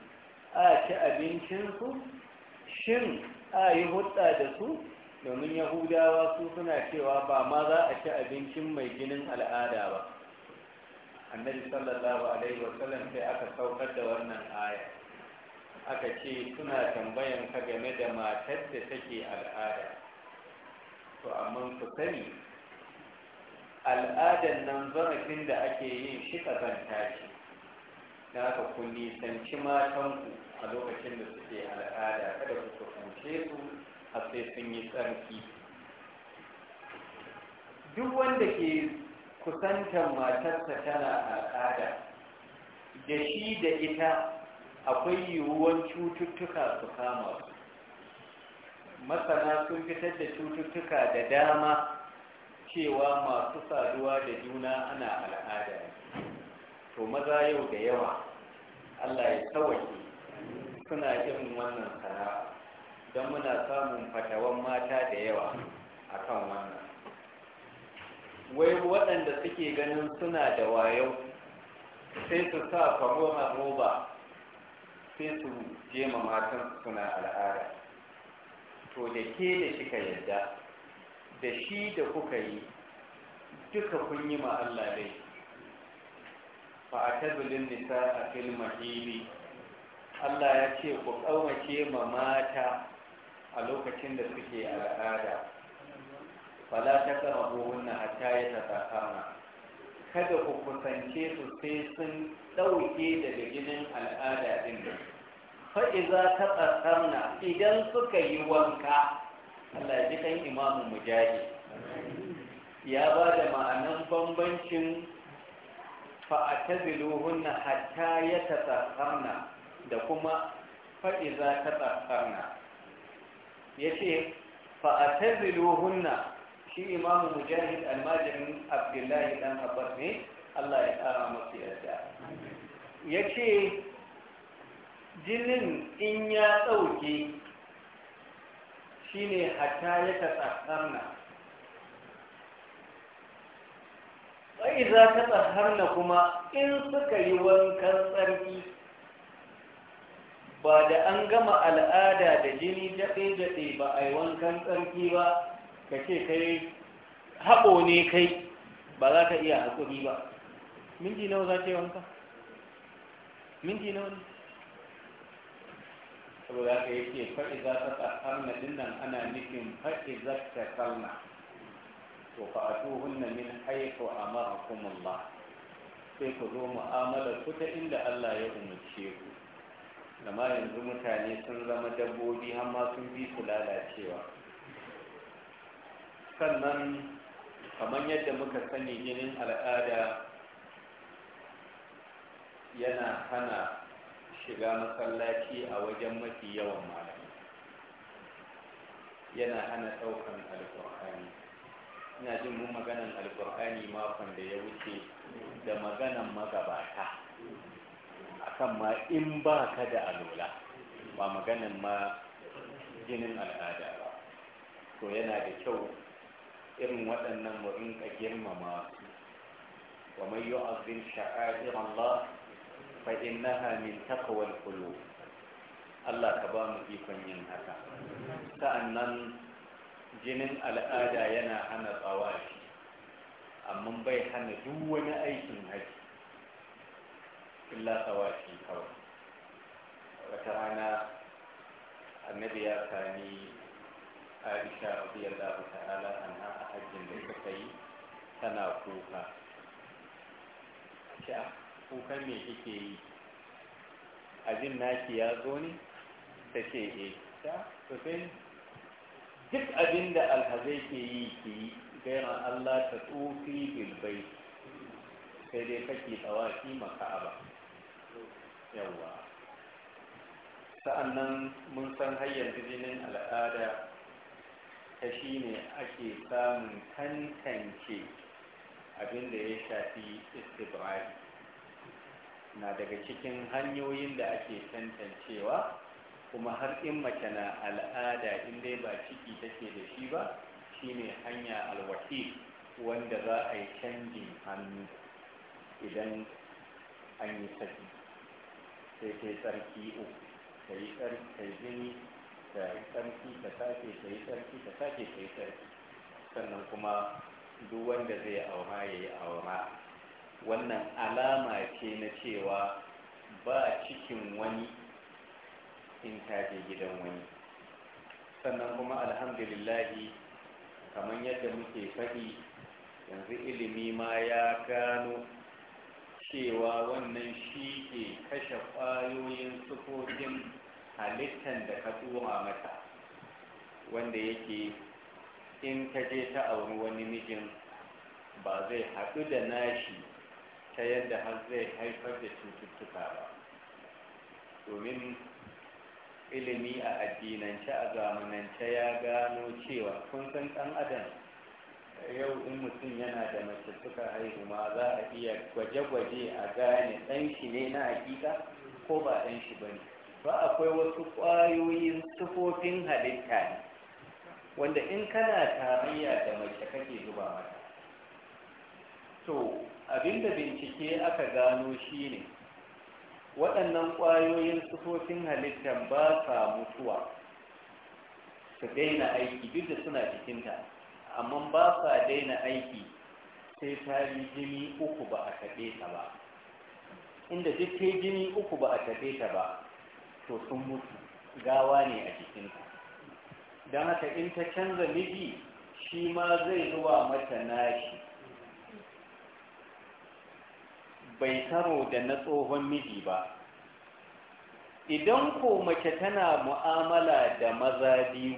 a ci abincinsu shin a yi hudda da su domin yahudawa su suna cewa ba ma za a ci abincin mai ginin al'ada ba annabi sallallahu alaihi sallam sai aka saukar da wannan aya aka ce suna tambayan ka game da matar da take al'ada to amma ku sani al'adan nan zarafin da ake yin shi kazanta ce da aka ku nisanci matanku a lokacin da suke al'ada kada ku kusance su a sai sun yi tsarki duk wanda ke kusantar matarsa tana al'ada da shi da ita akwai yiwuwan cututtuka su kama su masana sun fitar da cututtuka da dama cewa masu saduwa da juna ana al'ada to maza yau da yawa allah ya tsawaki suna yin wannan sana'a don muna samun fatawan mata da yawa a kan wannan wai waɗanda suke ganin suna da wayo sai su sa na roba sai su jema matan suna al'ada to da ke da kika yarda da shi da kuka yi duka kun yi ma Allah dai fa'atazulin nisa a filma mahili Allah ya ce ku kaumace ma mata a lokacin da suke al'ada fala takrabuhunna hatta yatafaharna kada ku kusance su sai sun ɗauke daga jinin al'ada din nan fa iza taqasarna idan suka yi wanka Allah ya ji kan imamu mujahid ya ba da ma'anan bambancin fa'ataziluhunna hatta yatafaharna da kuma ta fa iza taqasarna yace fa'ataziluhunna shi imamu mujahid almajirin abdullahi dan abbas ne allah ya tsara masu yarda ya ce jinin in ya shi shine Hata ya tsakarna sai za ta tsakarna kuma in suka yi wankan tsarki ba da an gama al'ada da jini daɗe-daɗe ba a yi wankan tsarki ba ka ce kai haɓo ne kai ba za ka iya haƙuri ba minti nawa za ka yi wanka minti nawa ne saboda ka yi ce faɗi za ta tsakar na dinnan ana nufin faɗi za ta tsakarna to fa a na min haifu a ba, sai ku zo mu'amalar ku ta inda Allah ya umarce ku amma yanzu mutane sun zama dabbobi har ma sun bi su lalacewa sannan kamar yadda muka sani jinin al'ada yana hana shiga masallaci a wajen mafi yawan malami yana hana ɗaukan alƙur'ani ina jin mun maganan alƙur'ani makon da ya wuce da maganan magabata akan ma in ba ka da alola ba maganan ma jinin al'ada ba to yana da kyau irin waɗannan mu rinka girmama su wa man yu'azzim sha'air Allah fa innaha min taqwa Allah ka ba mu ikon yin haka sa'annan jinin al'ada yana hana tsawashi amma bai hana duk wani aikin haji illa tsawashi kawai wata rana annabi ya sami aisha radiyallahu ta'ala anha a hajjin da suka yi tana kuka Sha a kukan me kike yi abin naki ya zo ne ta ce e ta sosai duk abin da alhazai ke yi ke yi gairan Allah ta tsofi bilbai sai dai kake tsawaki maka'aba yawwa sa'annan mun san hanyar jinin al'ada ta shi ne ake samun tantance abinda ya shafi istibari na daga cikin hanyoyin da ake tantancewa kuma har in mace na al'ada in ba ciki take da shi ba shi ne hanya alwaki wanda za a yi canjin hannu idan an yi saki sai ta tsarki uku ta yi jini ta sarki ka sake ta yi sarki ka sake ta yi sarki sannan kuma duk wanda zai aura ya yi aura wannan alama ce na cewa ba cikin wani in ta je gidan wani sannan kuma alhamdulillahi kamar yadda muke faɗi yanzu ilimi ma ya gano cewa wannan shi ke kashe ƙwayoyin sufofin halittan da ka tsoma mata wanda yake in ka je ta auri wani mijin ba zai haɗu da nashi ta yadda har zai haifar da cututtuka ba domin ilimi a addinance a zamanance ya gano cewa kun san ɗan adam yau in mutum yana da mace suka haihu ma za a iya gwaje-gwaje a gane ɗan shi ne na hakika ko ba ɗan shi ba ne ba akwai wasu ƙwayoyin sufofin halitta ne wanda in kana tarayya da mace kake zuba mata to abinda bincike aka gano shi ne. waɗannan ƙwayoyin sufofin halittar ba sa mutuwa su daina aiki duk da suna jikinta, amma ba sa daina aiki sai ta yi jini uku ba a taɓe ta ba inda duk ta jini uku ba a taɓe ta ba to sun mutu gawa ne a jikinta don haka in ta canza miji shi ma zai zuwa mata nashi bai karo da na tsohon miji ba idan ko mace tana mu'amala da maza biyu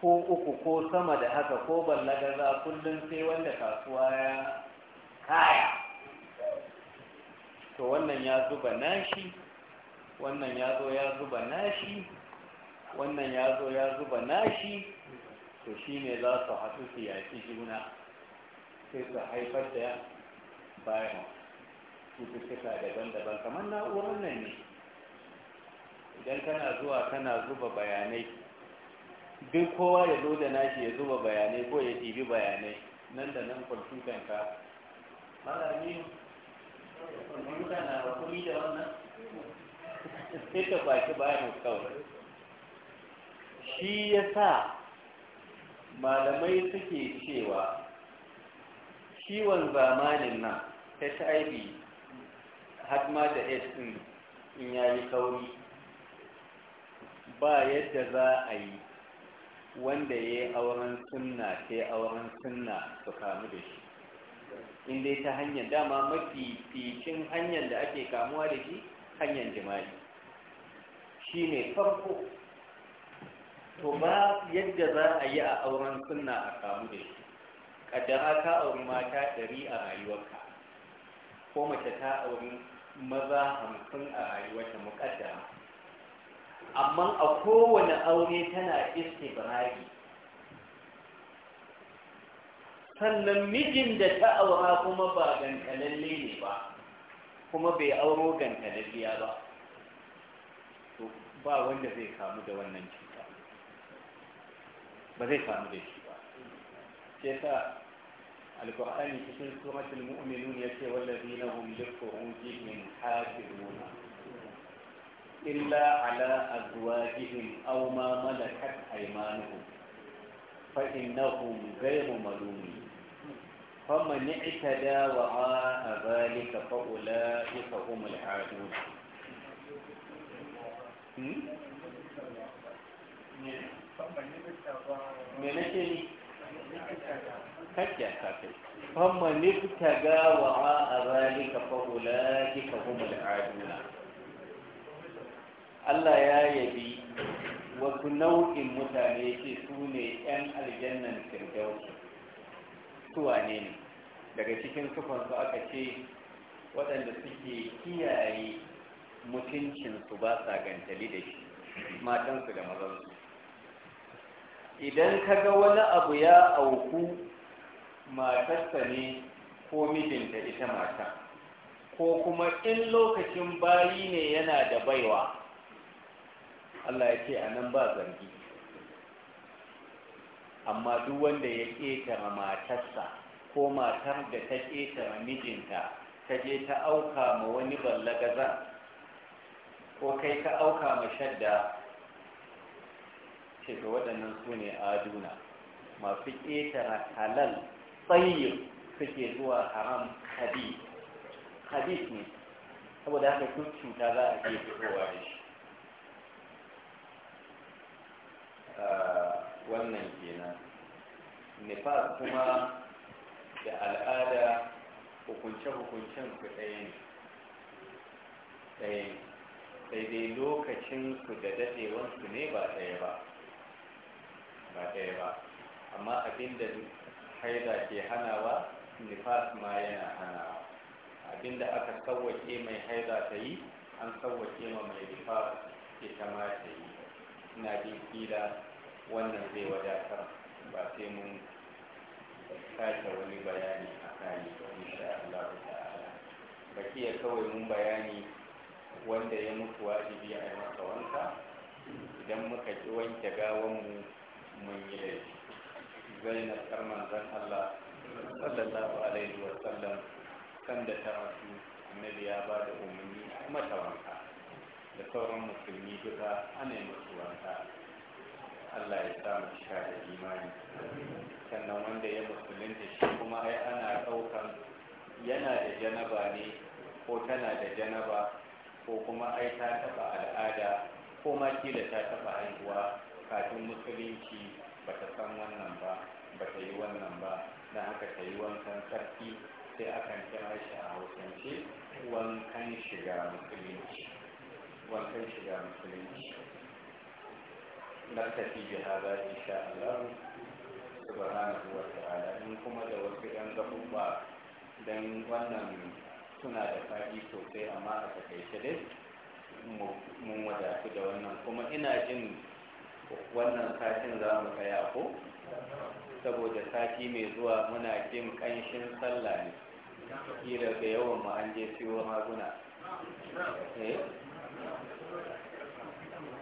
ko uku ko sama da haka ko ballaga za kullum sai wanda kasuwa ya kaya to wannan ya zuba nashi wannan ya zo ya zuba nashi wannan ya zo ya zuba nashi to shi ne za su haɗu su yaƙi juna sai su haifar da bayan cututtuka daban-daban kamar na'urar nan ne idan kana zuwa kana zuba bayanai duk kowa ya zo da nashi ya zuba bayanai ko ya ɗibi bayanai nan da nan kwamfutanka malami kwamfuta na hakuri da wannan sai ta kwashi bayan kawai shi ya sa malamai suke cewa ciwon zamanin nan hiv har ma da S ɗin in yi kauri ba yadda za a yi wanda ya yi auren sunna sai auren sunna su kamu da shi in dai ta hanyar dama mafi fikin hanyar da ake kamuwa da shi hanyar jima'i shi ne farko to ba yadda za a yi a auren suna a kamu da shi kaddara ta auri mata ɗari a rayuwarka ko mace ta auri maza hamsin a rayuwarta muƙaddara amma a kowane aure tana istibrari sannan mijin da ta aura kuma ba gantalalle ne ba kuma bai auro ganta da biya ba to ba wanda zai kamu da wannan cuta ba zai kamu da shi ba ce ta alkur'ani cikin suratul mu'minun yace wallazina hum li furujihim hafizun illa ala azwajihim aw ma malakat aymanuhum fa innahum ghayru malumin فمن اعتدى وراء ذلك فأولئك هم العادون menene kacce kafin famma Allah ya yabi wasu nau'in mutane ce su 'yan aljannan firdausu tuwane ne daga cikin sufansu aka ce waɗanda suke kiyaye mutuncinsu ba sa gantali da shi matansu da mazansu idan ka ga wani abu ya auku matarsa ne ko mijinta ita mata ko kuma in lokacin bayi ne yana da baiwa Allah ya ce anan ba zargi amma duk wanda ya ƙetara matarsa ko matar da ta ƙetara mijinta ta je ta auka ma wani ballagaza ko kai ka auka ma shadda ce ga waɗannan su ne aduna masu ƙetara halal tsayin suke zuwa haram hadith hadith ne saboda haka duk cuta za a ke fitowa da shi wannan kenan nifas kuma da al'ada hukunce-hukuncen ku ɗaya ne sai dai lokacin da daɗewansu ne ba ɗaya ba ba ɗaya ba amma abinda haida ke hanawa nifas ma yana hanawa abinda aka sauwake mai haida ta yi an sauwake ma mai nifas ita ma ta yi ina bin kila wannan zai wadatar ba sai mun sake wani bayani a kayi insha Allah ta'ala ya kawai mun bayani wanda ya mutu wajibi a masa wanka idan muka ki wanke mu mun yi laifi na karman zan Allah sallallahu alaihi wa sallam kan da ta rasu annabi ya ba da umarni mata wanka da sauran musulmi duka ana yi musu wanka Allah ya sa mu cika da imani sannan wanda ya da shi kuma ai ana ɗaukan yana da janaba ne ko tana da janaba ko kuma ai ta taɓa al'ada ko ma kila ta taɓa haihuwa kafin musulunci ba ta san wannan ba ba ta yi wannan ba na haka ta yi wankan sarki sai akan kira shi a hausance wankan shiga musulunci نكتفي بهذا إن شاء الله in kuma da wasu دوت أنقبوا don wannan suna da faɗi sosai amma a takaice dai mun wadatu da wannan kuma ina jin wannan satin za mu tsaya ko saboda sati mai zuwa muna jin ƙanshin sallah ne Hira ga yawan mu an je siyo maguna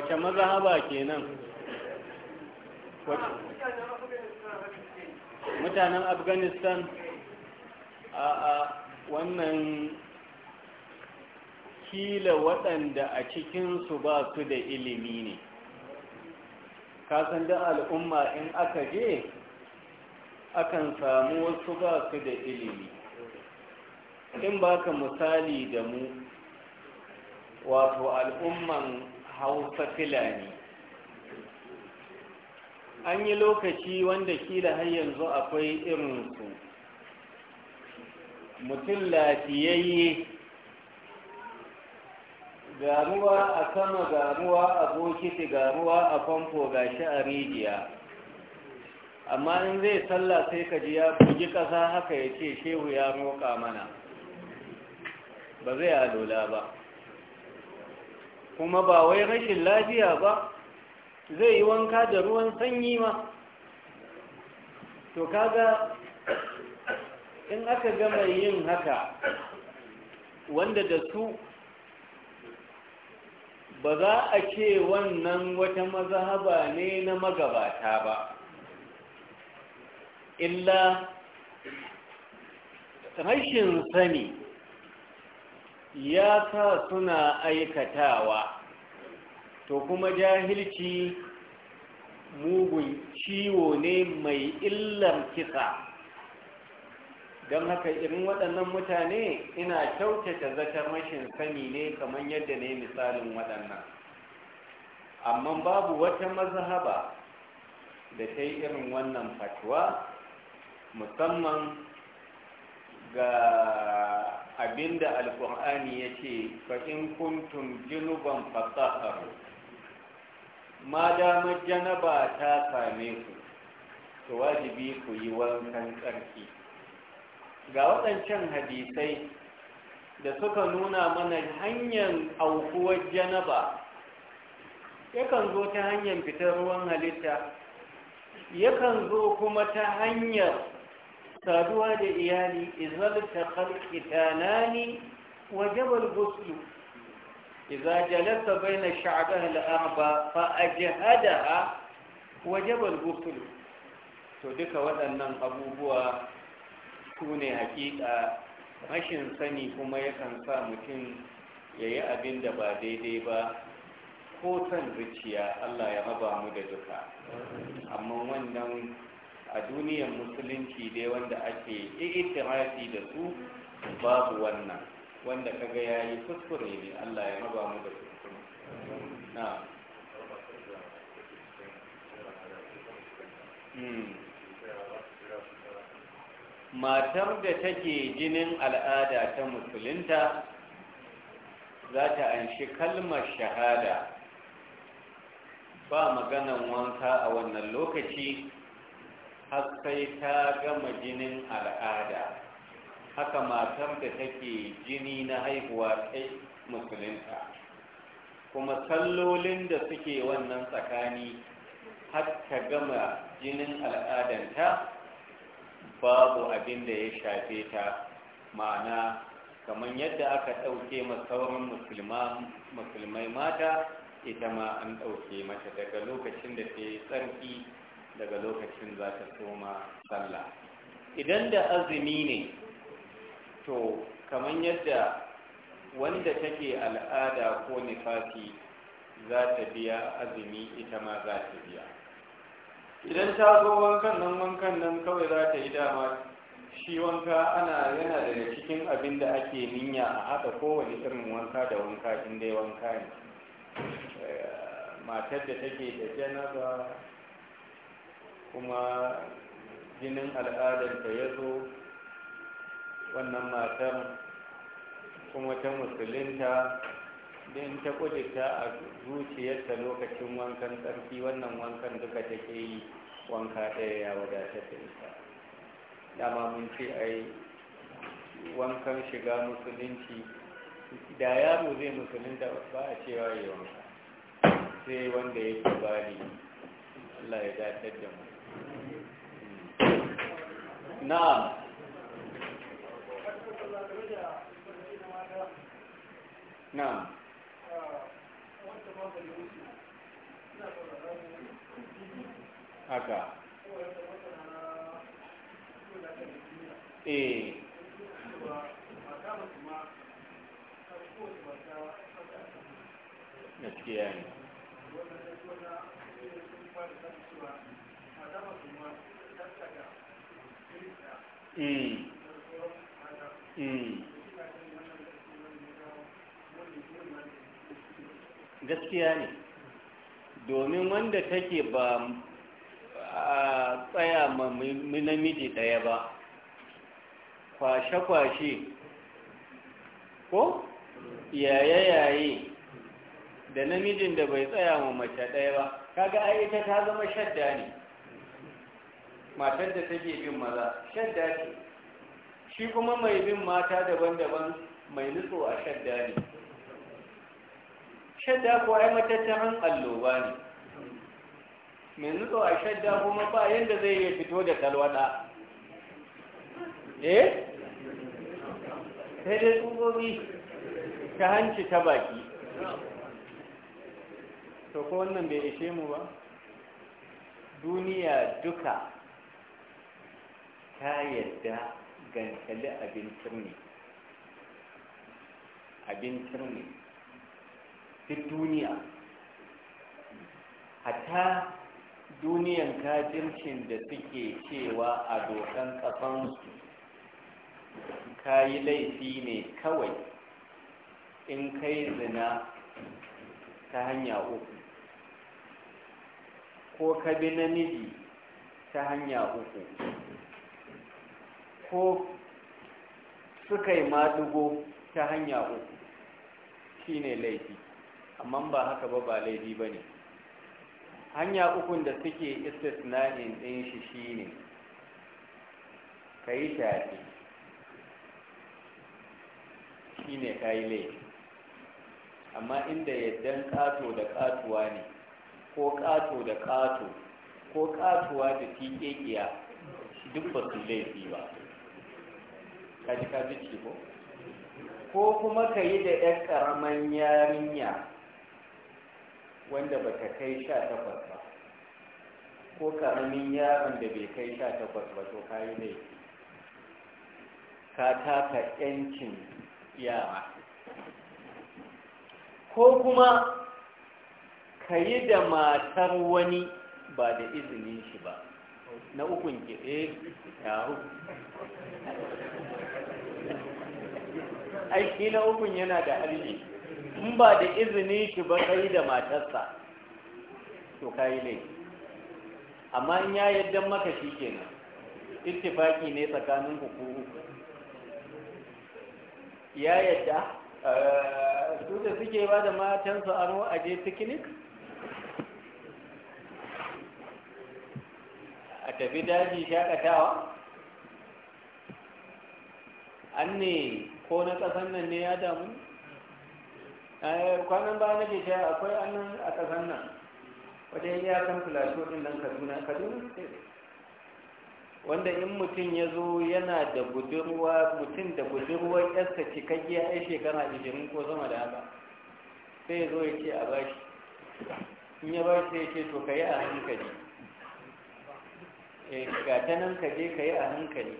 wace mazahaba kenan mutanen afghanistan a wannan kila waɗanda a cikinsu ba su da ilimi ne kasan da al'umma in aka je akan samu wasu ba su da ilimi in baka misali da mu wato al'umman hausa filani an yi lokaci wanda kila har yanzu akwai irinsu mutum lafiyayye garuwa a sama garuwa a bokiti garuwa a famfo gashi a rijiya amma in zai sallah sai ka ji ya bugi kasa, haka ya ce shehu ya roƙa mana ba zai alola ba kuma ba wai rashin lafiya ba zai yi wanka da ruwan sanyi ma to kaga in aka gama yin haka wanda da su ba za a ce wannan wata mazahaba ne na magabata ba illa rashin sani ya sa suna aikatawa to kuma jahilci mugun ciwo ne mai illar kisa don haka irin waɗannan mutane ina kyautata zata mashin sani ne kamar yadda ne misalin waɗannan amma babu wata mazhaba da ta yi irin wannan fatuwa musamman ga abinda alkur'ani ya ce fa'in kuntun junuban fasaharu ma damar janaba ta same ku to wajibi ku yi wankan ƙarfi. ga waɗancan hadisai da suka nuna mana hanyar aukuwar janaba yakan zo ta hanyar fitar ruwan halitta yakan zo kuma ta hanyar saduwa da iyali izalta khalqi tanani wa jabal ghusl idza jalasa baina sha'baha al fa ajhadaha wa jabal to duka waɗannan abubuwa su ne hakika rashin sani kuma yakan sa mutum ya yi abin da ba daidai ba ko san zuciya Allah ya raba mu da duka amma wannan a duniyar musulunci dai wanda ake ikirati da su babu wannan wanda kaga ya yi kuskure ne allah ya raba mu da kuskure na hmm. matar da take jinin al'ada ta musulunta za ta anshi kalmar shahada ba maganan wanka a wannan lokaci har sai ta gama jinin al'ada haka matar da take jini na haihuwa kai musulunta kuma sallolin da suke wannan tsakani har ta gama jinin al'adanta babu abin da ya shafe ta ma'ana kamar yadda aka ɗauke sauran musulmai mata ita ma an ɗauke mata daga lokacin da ta yi tsarki daga lokacin za ta soma sallah idan da azumi ne to kamar yadda wanda take al'ada ko nifasi za ta biya azumi ita ma za ta biya idan ta zo wankan nan wankan nan kawai za ta yi dama shi wanka ana yana daga cikin abin da ake niyya a haka kowane irin wanka da wanka inda dai wanka ne eh, matar da take da janaba kuma jinin al'adarta ya zo wannan matar kuma ta musulunta din ta kudita a zuciyarta lokacin wankan ƙarfi, wannan wankan duka take yi wanka ɗaya ya wadata ta ita dama mun ce a yi wankan shiga musulunci da yaro zai musulunta ba a cewa yi wanka sai wanda ke bali Allah ya dace da mu Na? na'am E. eh gaskiya Hmm. Hmm. gaskiya ne domin wanda take ba a tsaya ma namiji ɗaya ba kwashe-kwashe ko yaye-yaye da namijin da bai tsaya ma mace ɗaya ba kaga ai ita ta zama shadda ne matar da take bin maza shadda ce shi kuma mai bin mata daban-daban mai nutso a shadda ne shadda ko ai matattaran alloba ne mai nutso a shadda kuma ba yadda zai iya fito da talwada eh sai dai tsubobi ta hanci ta baki to ko wannan bai ishe mu ba duniya duka Ta yarda gantali abincin ne abincin ne ta duniya hata duniyan kajincin da suke cewa a dokan kafansu ka laifi ne kawai in kai zina ta hanya uku ko ka namiji ta hanya uku ko suka yi madugo ta hanya uku shi ne laifi amma ba haka ba ba laifi ba ne hanya ukun da suke istisna'in ɗin shi shi ne ka yi shafi shi ne ka yi laifi amma inda yaddan ƙato da ƙatuwa ne ko ƙato da ƙato ko ƙatuwa da fiƙeƙiya duk ba su laifi ba kaji ko ko kuma ka yi da ɗan ƙaramin yarinya wanda ba ta kai sha takwas ba ko ƙaramin yaron da bai kai sha takwas ba to ka yi laifi ka taka ƴancin yara ko kuma ka yi da matar wani ba da izinin shi ba na ukun ke eh, ɗaya aiki na ukun yana da harbi in ba da izini ki ba kai da matarsa to yi ne amma in ya yaddan maka shi kenan ittifaki ne tsakanin ku ya yadda eh, su da suke ba da matansu aro a je picnic a tafi daji shakatawa an ne ko na ƙasan nan ne ya damu eh, kwanan ba na ke shaya akwai annan a ƙasan nan wajen kan filasho ɗin nan kaduna kaduna wanda in mutum ya zo yana da budurwa mutum da budurwar yarsa cikakkiya ya shekara ishirin ko zama da haka sai ya zo ya ce a bashi in ya bashi sai ya ce to ka yi a hankali eh, ga ta nan ka je ka yi a hankali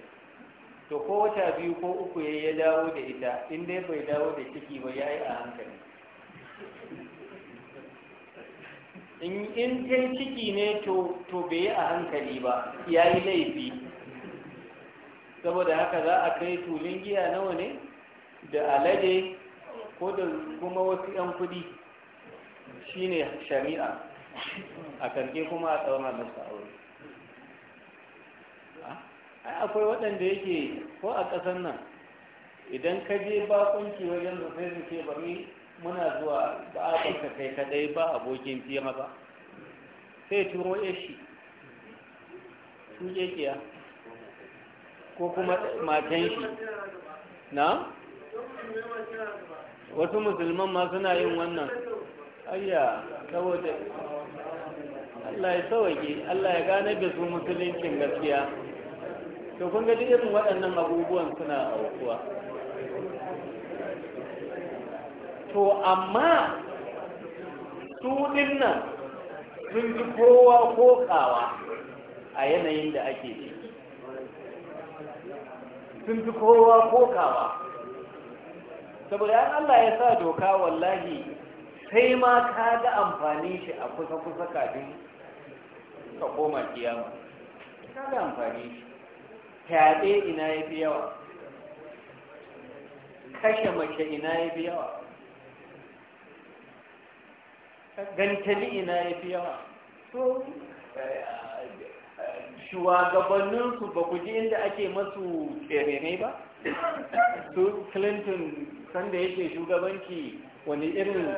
to ko wata biyu ko uku ya ya dawo da ita in dai bai dawo da ciki ba ya yi a hankali in in ciki ne to to bai yi a hankali ba ya yi laifi saboda haka za a kai tulun giya nawa ne da alade ko da kuma wasu 'yan kudi shine shari'a a karke kuma a tsawon masa aure ai akwai waɗanda yake ko a ƙasar nan idan ka je bakunci wajen da sai su ce bari muna zuwa ba a banka kai kaɗai ba abokin fira ba sai turo ya shi tuje kiya ko kuma matan shi na wasu musulman ma suna yin wannan ayya saboda Allah ya sauke Allah ya gane bisu musulunci musuluncin gaskiya to kun ga irin waɗannan abubuwan suna aukuwa to amma su dinnan sun ji kowa kokawa a yanayin da ake ciki sun ji kowa kokawa saboda yan Allah ya sa doka wallahi sai ma ka ga amfani shi a kusa-kusa kafin ka koma kiyama ka ga amfani shi fyaɗe ina ya fi yawa kashe mace ina ya fi yawa gantali ina ya fi yawa so shugabanninsu ba ku ji inda ake masu tsere ba su clinton sanda yake shugabanci wani irin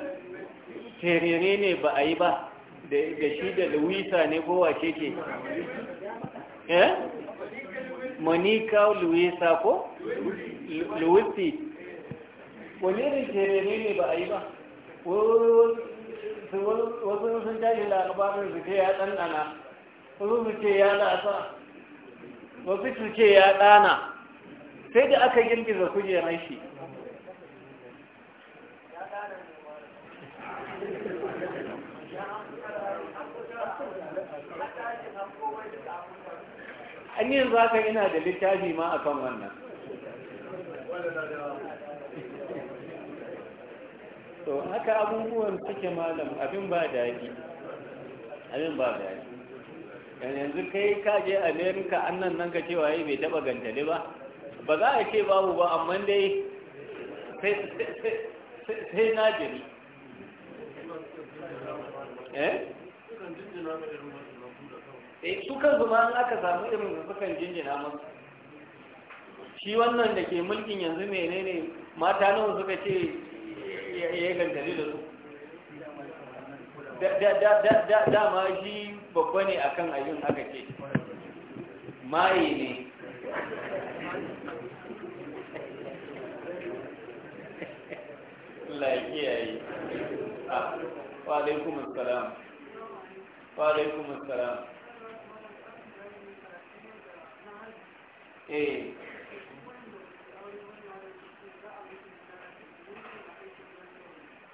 ƙerere ne ba a yi ba da shi da louisa ne kowa ce ke eh monica luisa ko luisi wani irin terere ne ba a yi ba wasu sun tashi labarin su ce ya ɗanɗana wasu su ce ya lasa wasu su ce ya ɗana sai da aka girgiza kujerar shi an yin za ka ina da littafi ma a kan wannan to haka abubuwan suke malam abin ba daɗi abin ba daɗi yanzu kai ka je amerika annan nan ka cewa bai taɓa gantali ba ba za a ce babu ba amma dai sai na jiri eh? sai eh, su kan zuma an aka samu irin sukan jinjina masu shi wannan da ke mulkin yanzu menene mata nawa suka ce ya yi gantare da su dama shi babba ne akan ayyun aka ce maye ne lafiyayi ah, wa salam wa salam eh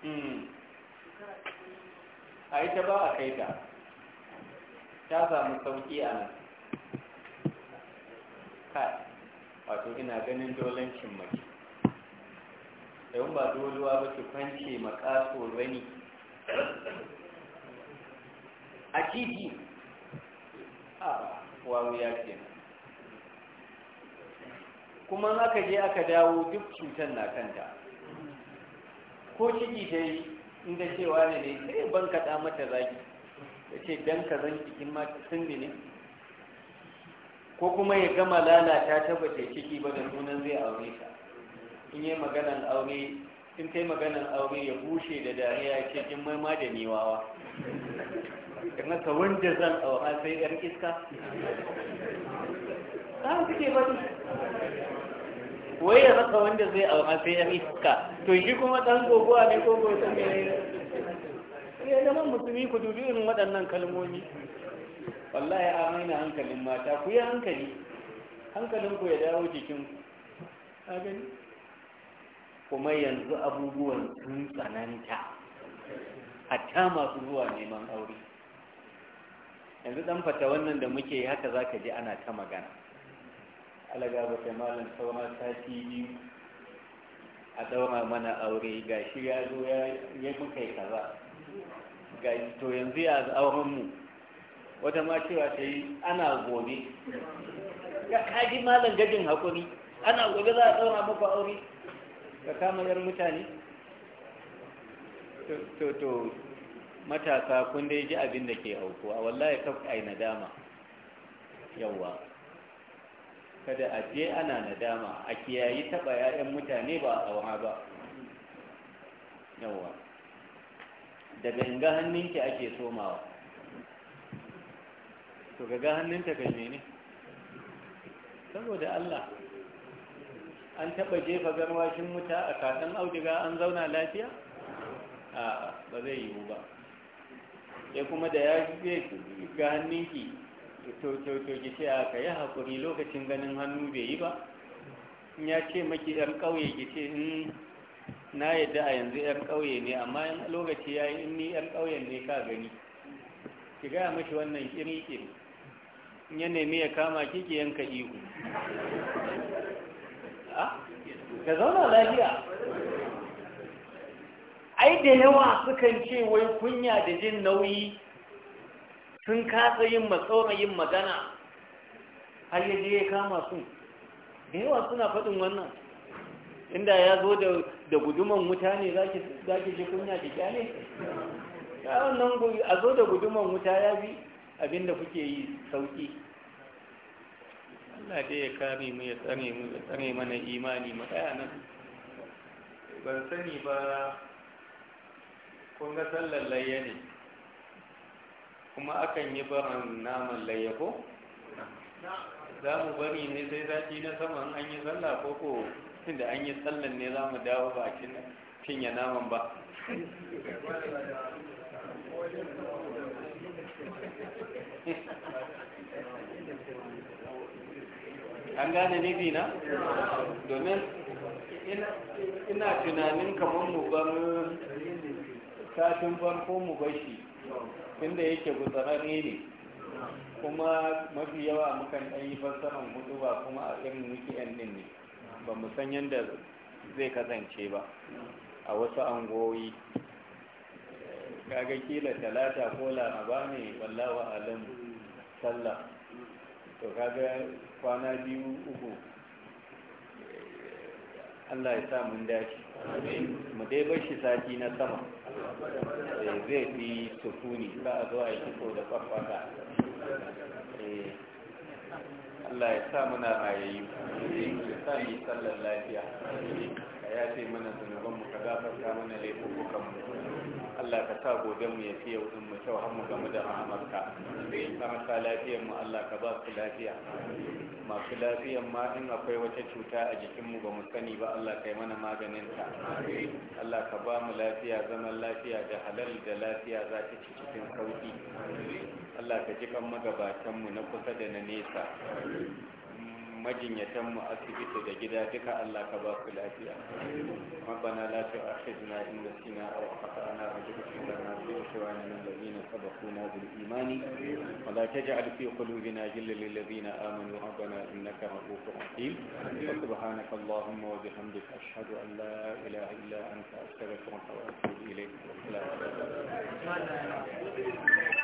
hmm. a ita ba a kai ta ta samu sauki a nan kai wato ina ganin dolancin mace yawan ba doluwa ba su kwance makaso rani a titi a wawu ya kenan kuma aka je aka dawo duk cutar na kanta ko ciki ta yi inda cewa ne ne sai ban kaɗa mata zaki da ce dan ka zan cikin mata sun ne ko kuma ya gama lalata ta bace ciki ba da sunan zai aure ta in yi maganar aure in kai maganar aure ya bushe da dariya ce jin maima da niwawa in aka wanda zan aura sai 'yar iska ta suke su wai ya rasa wanda zai aura sai 'yar iska to shi kuma ɗan gogowa ne ko gosa mai ya zama musulmi ku dubi irin waɗannan kalmomi wallahi a maina hankalin mata ku yi hankali hankalinku ya dawo jikinku a gani kuma yanzu abubuwan sun tsananta hatta masu zuwa neman aure yanzu dan fata wannan da muke haka za ka ji ana ta magana alaga ba kai malam saura sati biyu a daura mana aure ga shi ya zo ya muka yi kaza ga to yanzu ya auren mu wata ma cewa ta yi ana gobe Ya kaji malam gajin hakuri ana gobe za a daura muku aure ka kama yar mutane to to matasa kun dai ji abin da ke a wallahi ka ai nadama yawa kada a je ana nadama a kiyayi taba ƴaƴan mutane ba a awa ba yawa da ganga hannunki ake somawa to ga hannunta kai ne saboda Allah an taɓa jefa garwashin wuta a kasan auduga an zauna lafiya? a ba zai yiwu ba ya kuma da ya ga hannunki to-to-to ce a kayi yi haƙuri lokacin ganin hannu bai yi ba ya ce maki 'yan ƙauye ki ce hmm, na yadda a yanzu 'yan ƙauye ne amma yan lokaci ya yi in ni 'yan ƙauye ne ka gani ki gaya mashi wannan kiri-kiri ya nemi ya kama kiki yanka ihu ka zauna lafiya ai da yawa sukan ce wai kunya da jin nauyi sun kasa yin matsaurayin magana har yaje ya kama su da yawa suna faɗin wannan inda ya zo da guduman wuta ne za ki ji kunya da kyale ya wannan a zo da guduman wuta ya bi abinda kuke yi sauƙi Allah dai ya kare mu ya tsare mu ya tsare mana imani mu tsaya nan ban sani ba kun ga sallar layya ne kuma akan yi baran naman layya ko za mu bari ne sai zafi na saman an yi sallah ko ko da an yi sallan ne za mu dawo ba cinye naman ba an gane bi na domin ina tunanin kamar mu bar satin farko mu bashi inda yake gutsararre ne kuma mafi yawa mukan ɗan yi fassarar hudu ba kuma a irin wikiyan ɗin ne ba mu san yadda zai kasance ba a wasu angoyi kaga kila talata ko laraba ne wallawa alam sallah to kaga kwana biyu uku allah ya sa mun dace mu dai bar shi sati na sama eh, zai fi tukuni ba a zo a yi da kwakwata eh, Allah ya sa muna rayayi ya sa mu yi sallar lafiya ya ce mana zunubanmu ka gafarta mana laifukan mu Allah ka sa goben mu ya fi yau din mu kyau har mu gamu da rahamarka marasa lafiyar mu Allah ka ba su lafiya masu lafiyar ma in akwai wata cuta a jikin mu ba mu sani ba Allah kai mana maganin ta Allah ka ba mu lafiya zaman lafiya da halal da lafiya za ta ci cikin sauki Allah ka ji kan magabatan mu na kusa da na nesa majinyatan mu asibiti da gida duka Allah ka ba su lafiya rabbana la tu'akhidna in nasina aw akhtana wa jibna lana fi ashwana alladhina sabaquna bil iman wa la taj'al fi qulubina ghillan lil ladhina amanu rabbana innaka ra'ufur rahim subhanaka allahumma wa bihamdika ashhadu an la ilaha illa anta astaghfiruka wa atubu ilayk